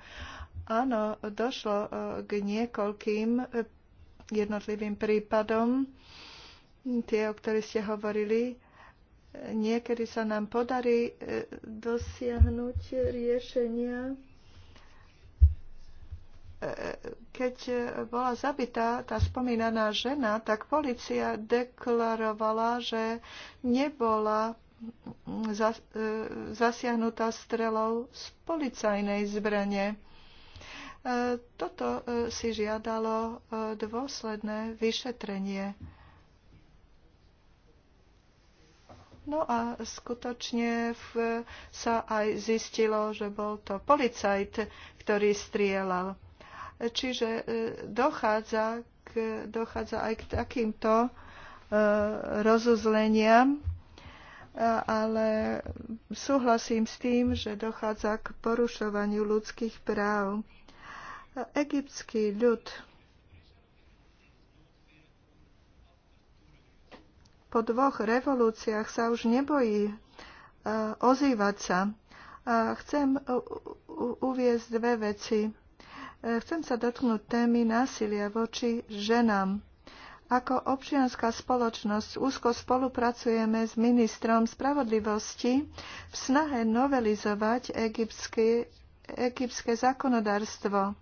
Áno, došlo e, k niekoľkým e, jednotlivým prípadom, tie, o ktorých ste hovorili, niekedy sa nám podarí e, dosiahnuť riešenia. E, keď bola zabitá tá spomínaná žena, tak policia deklarovala, že nebola e, zasiahnutá strelou z policajnej zbrane. Toto si žiadalo dôsledné vyšetrenie No a skutočne v, sa aj zistilo, že bol to policajt, ktorý strieľal. Čiže e, dochádza, k, dochádza aj k takýmto e, rozuzleniam, e, ale súhlasím s tým, že dochádza k porušovaniu ľudských práv. Egyptský ľud po dvoch revolúciách sa už nebojí e, ozývať sa. Chcem uviezť dve veci. E, chcem sa dotknúť témy násilia voči ženám. Ako občianská spoločnosť úzko spolupracujeme s ministrom spravodlivosti v snahe novelizovať egyptské, egyptské zákonodárstvo.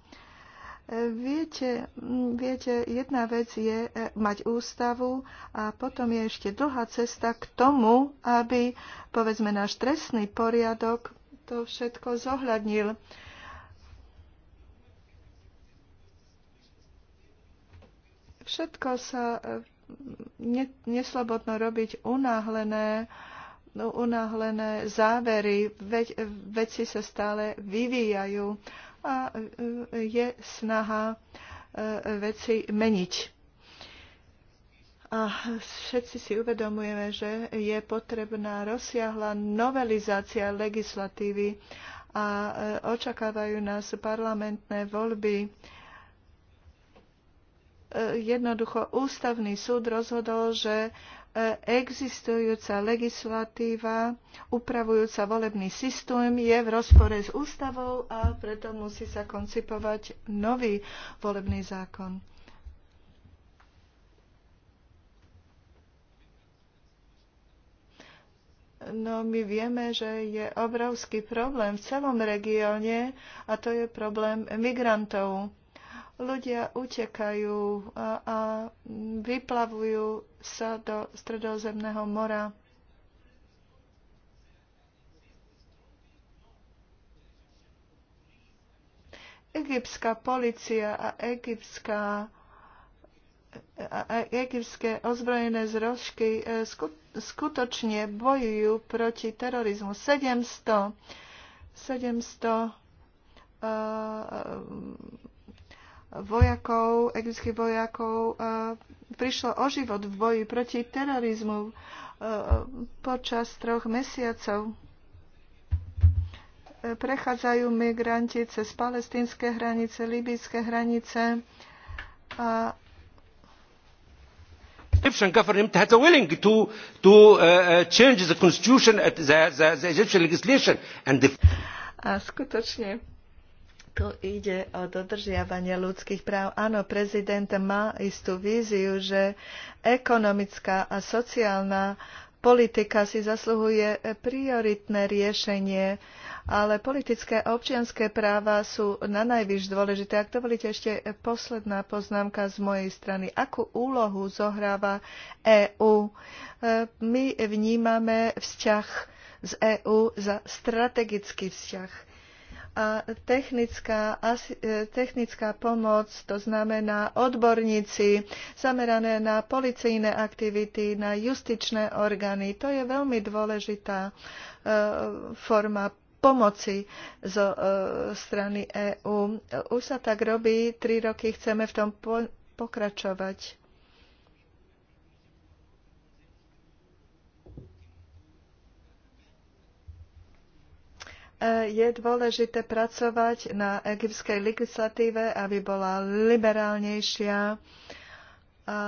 Viete, viete, jedna vec je e, mať ústavu a potom je ešte dlhá cesta k tomu, aby, povedzme, náš trestný poriadok to všetko zohľadnil. Všetko sa e, ne, neslobodno robiť unáhlené, unáhlené závery, veď, e, veci sa stále vyvíjajú a e, e, je snaha e, veci meniť. A všetci si uvedomujeme, že je potrebná rozsiahla novelizácia legislatívy a očakávajú nás parlamentné voľby. Jednoducho ústavný súd rozhodol, že existujúca legislatíva upravujúca volebný systém je v rozpore s ústavou a preto musí sa koncipovať nový volebný zákon. No my vieme, že je obrovský problém v celom regióne a to je problém migrantov ľudia utekajú a, a vyplavujú sa do Stredozemného mora. Egyptská policia a egyptská a egyptské ozbrojené zrožky e, skutočne bojujú proti terorizmu. 700, 700 uh, vojakov, egyptských vojakov e, prišlo o život v boji proti terorizmu e, počas troch mesiacov. E, prechádzajú migranti cez palestínske hranice, libijské hranice a Egyptian government has a willing to, to uh, change the constitution, the, the, the Egyptian legislation. And the... A skutočne tu ide o dodržiavanie ľudských práv. Áno, prezident má istú víziu, že ekonomická a sociálna politika si zasluhuje prioritné riešenie, ale politické a občianské práva sú na najvyš dôležité. Ak dovolíte ešte posledná poznámka z mojej strany. Akú úlohu zohráva EÚ? E, my vnímame vzťah z EÚ za strategický vzťah a technická, e, technická pomoc, to znamená odborníci zamerané na policejné aktivity, na justičné orgány. To je veľmi dôležitá e, forma pomoci zo e, strany EÚ. Už sa tak robí, tri roky chceme v tom pokračovať. je dôležité pracovať na egyptskej legislatíve, aby bola liberálnejšia a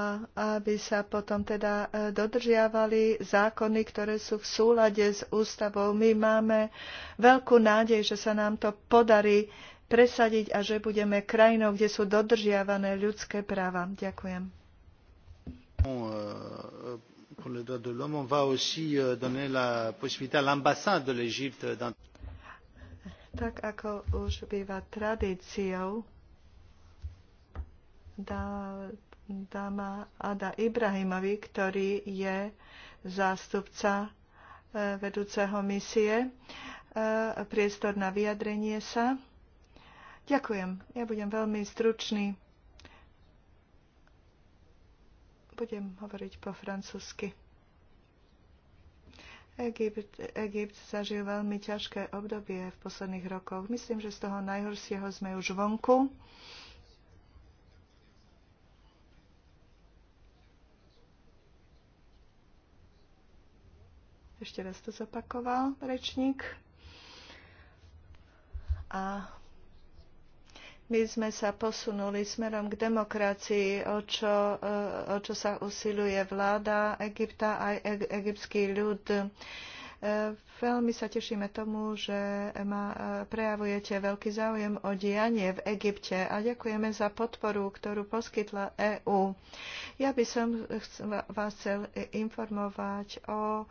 aby sa potom teda e, dodržiavali zákony, ktoré sú v súlade s ústavou. My máme veľkú nádej, že sa nám to podarí presadiť a že budeme krajinou, kde sú dodržiavané ľudské práva. Ďakujem. Euh, pour les droits de l'homme, on va aussi euh, donner la possibilité à l'ambassade de l'Égypte tak ako už býva tradíciou, dá, dáma Ada Ibrahimovi, ktorý je zástupca e, vedúceho misie, e, priestor na vyjadrenie sa. Ďakujem. Ja budem veľmi stručný. Budem hovoriť po francúzsky. Egypt, Egypt zažil veľmi ťažké obdobie v posledných rokoch. Myslím, že z toho najhoršieho sme už vonku. Ešte raz to zopakoval rečník. A my sme sa posunuli smerom k demokracii, o čo, e, o čo sa usiluje vláda Egypta aj e, egyptský ľud. E, veľmi sa tešíme tomu, že ma prejavujete veľký záujem o dianie v Egypte a ďakujeme za podporu, ktorú poskytla EÚ. Ja by som vás chcel informovať o,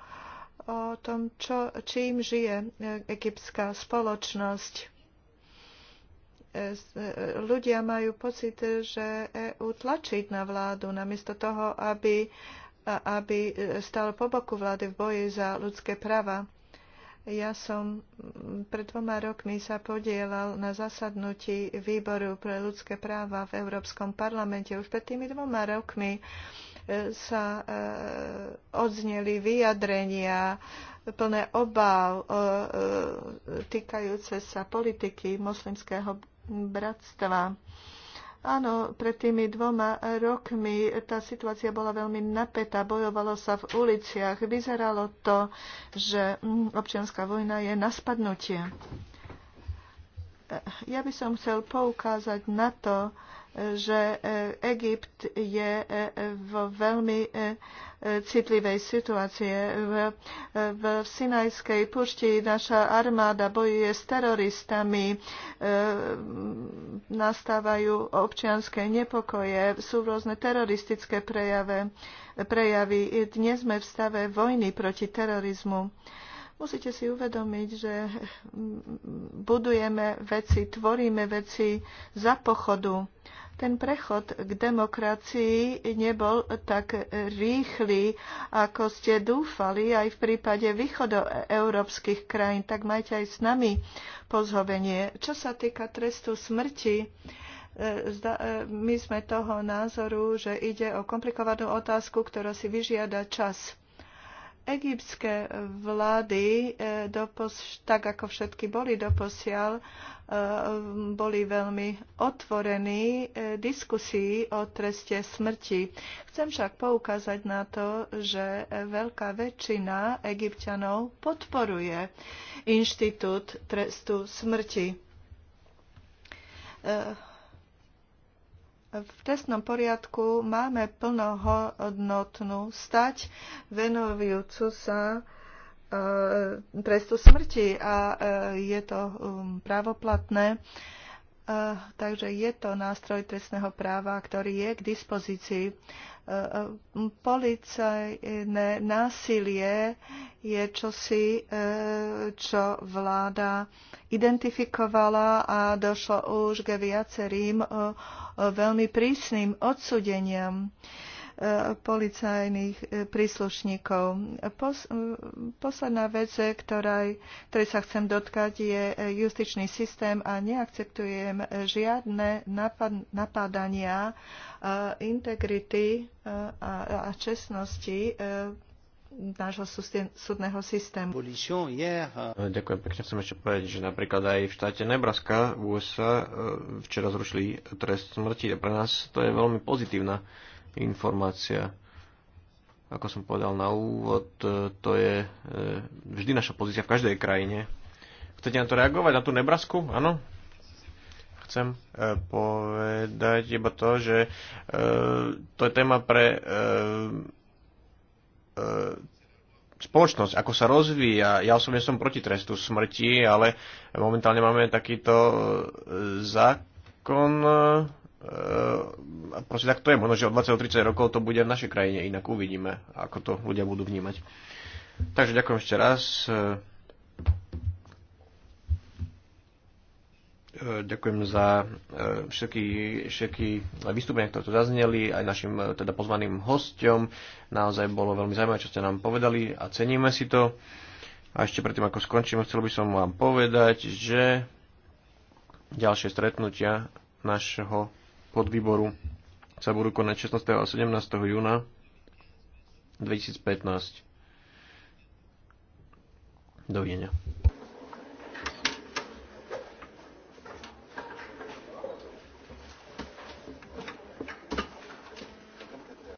o tom, čo, čím žije egyptská spoločnosť ľudia majú pocit, že EU tlačí na vládu, namiesto toho, aby, aby stal po boku vlády v boji za ľudské práva. Ja som pred dvoma rokmi sa podielal na zasadnutí výboru pre ľudské práva v Európskom parlamente. Už pred tými dvoma rokmi e, sa e, odzneli vyjadrenia plné obáv e, týkajúce sa politiky moslimského bratstva. Áno, pred tými dvoma rokmi tá situácia bola veľmi napätá, bojovalo sa v uliciach, vyzeralo to, že mm, občianská vojna je na spadnutie. Ja by som chcel poukázať na to, že e, Egypt je e, v veľmi e, citlivej situácie. V, v Sinajskej pušti naša armáda bojuje s teroristami, nastávajú občianské nepokoje, sú rôzne teroristické prejave, prejavy. Dnes sme v stave vojny proti terorizmu musíte si uvedomiť, že budujeme veci, tvoríme veci za pochodu ten prechod k demokracii nebol tak rýchly, ako ste dúfali aj v prípade východoeurópskych krajín, tak majte aj s nami pozhovenie. Čo sa týka trestu smrti, e, e, my sme toho názoru, že ide o komplikovanú otázku, ktorá si vyžiada čas egyptské vlády, e, dopos, tak ako všetky boli doposiaľ, e, boli veľmi otvorení e, diskusii o treste smrti. Chcem však poukázať na to, že veľká väčšina egyptianov podporuje inštitút trestu smrti v trestnom poriadku máme plnohodnotnú stať venujúcu sa e, trestu smrti a e, je to um, právoplatné. E, takže je to nástroj trestného práva, ktorý je k dispozícii policajné násilie je čosi, e, čo vláda identifikovala a došlo už k viacerým e, veľmi prísnym odsudeniam policajných e, príslušníkov. Pos, posledná vec, e, ktorej, ktorej sa chcem dotkať, je e, justičný systém a neakceptujem žiadne napad, napádania integrity a, a čestnosti nášho súdneho systému. Ďakujem pekne. Chcem ešte povedať, že napríklad aj v štáte Nebraska v USA včera zrušili trest smrti a pre nás to je veľmi pozitívna informácia. Ako som povedal na úvod, e, to je e, vždy naša pozícia v každej krajine. Chcete na to reagovať, na tú Nebrasku? Áno? chcem e, povedať iba to, že to je téma pre spoločnosť, ako sa rozvíja. Ja osobne som proti trestu smrti, ale momentálne máme takýto zákon, E, a proste tak to je, možno, že od 20 do 30 rokov to bude v našej krajine, inak uvidíme, ako to ľudia budú vnímať. Takže ďakujem ešte raz. E, e, ďakujem za všetky, všetky vystúpenia, ktoré tu zazneli, aj našim teda pozvaným hostom. Naozaj bolo veľmi zaujímavé, čo ste nám povedali a ceníme si to. A ešte predtým, ako skončíme, chcel by som vám povedať, že ďalšie stretnutia našho podvýboru sa budú konať 16. a 17. júna 2015. Dovidenia.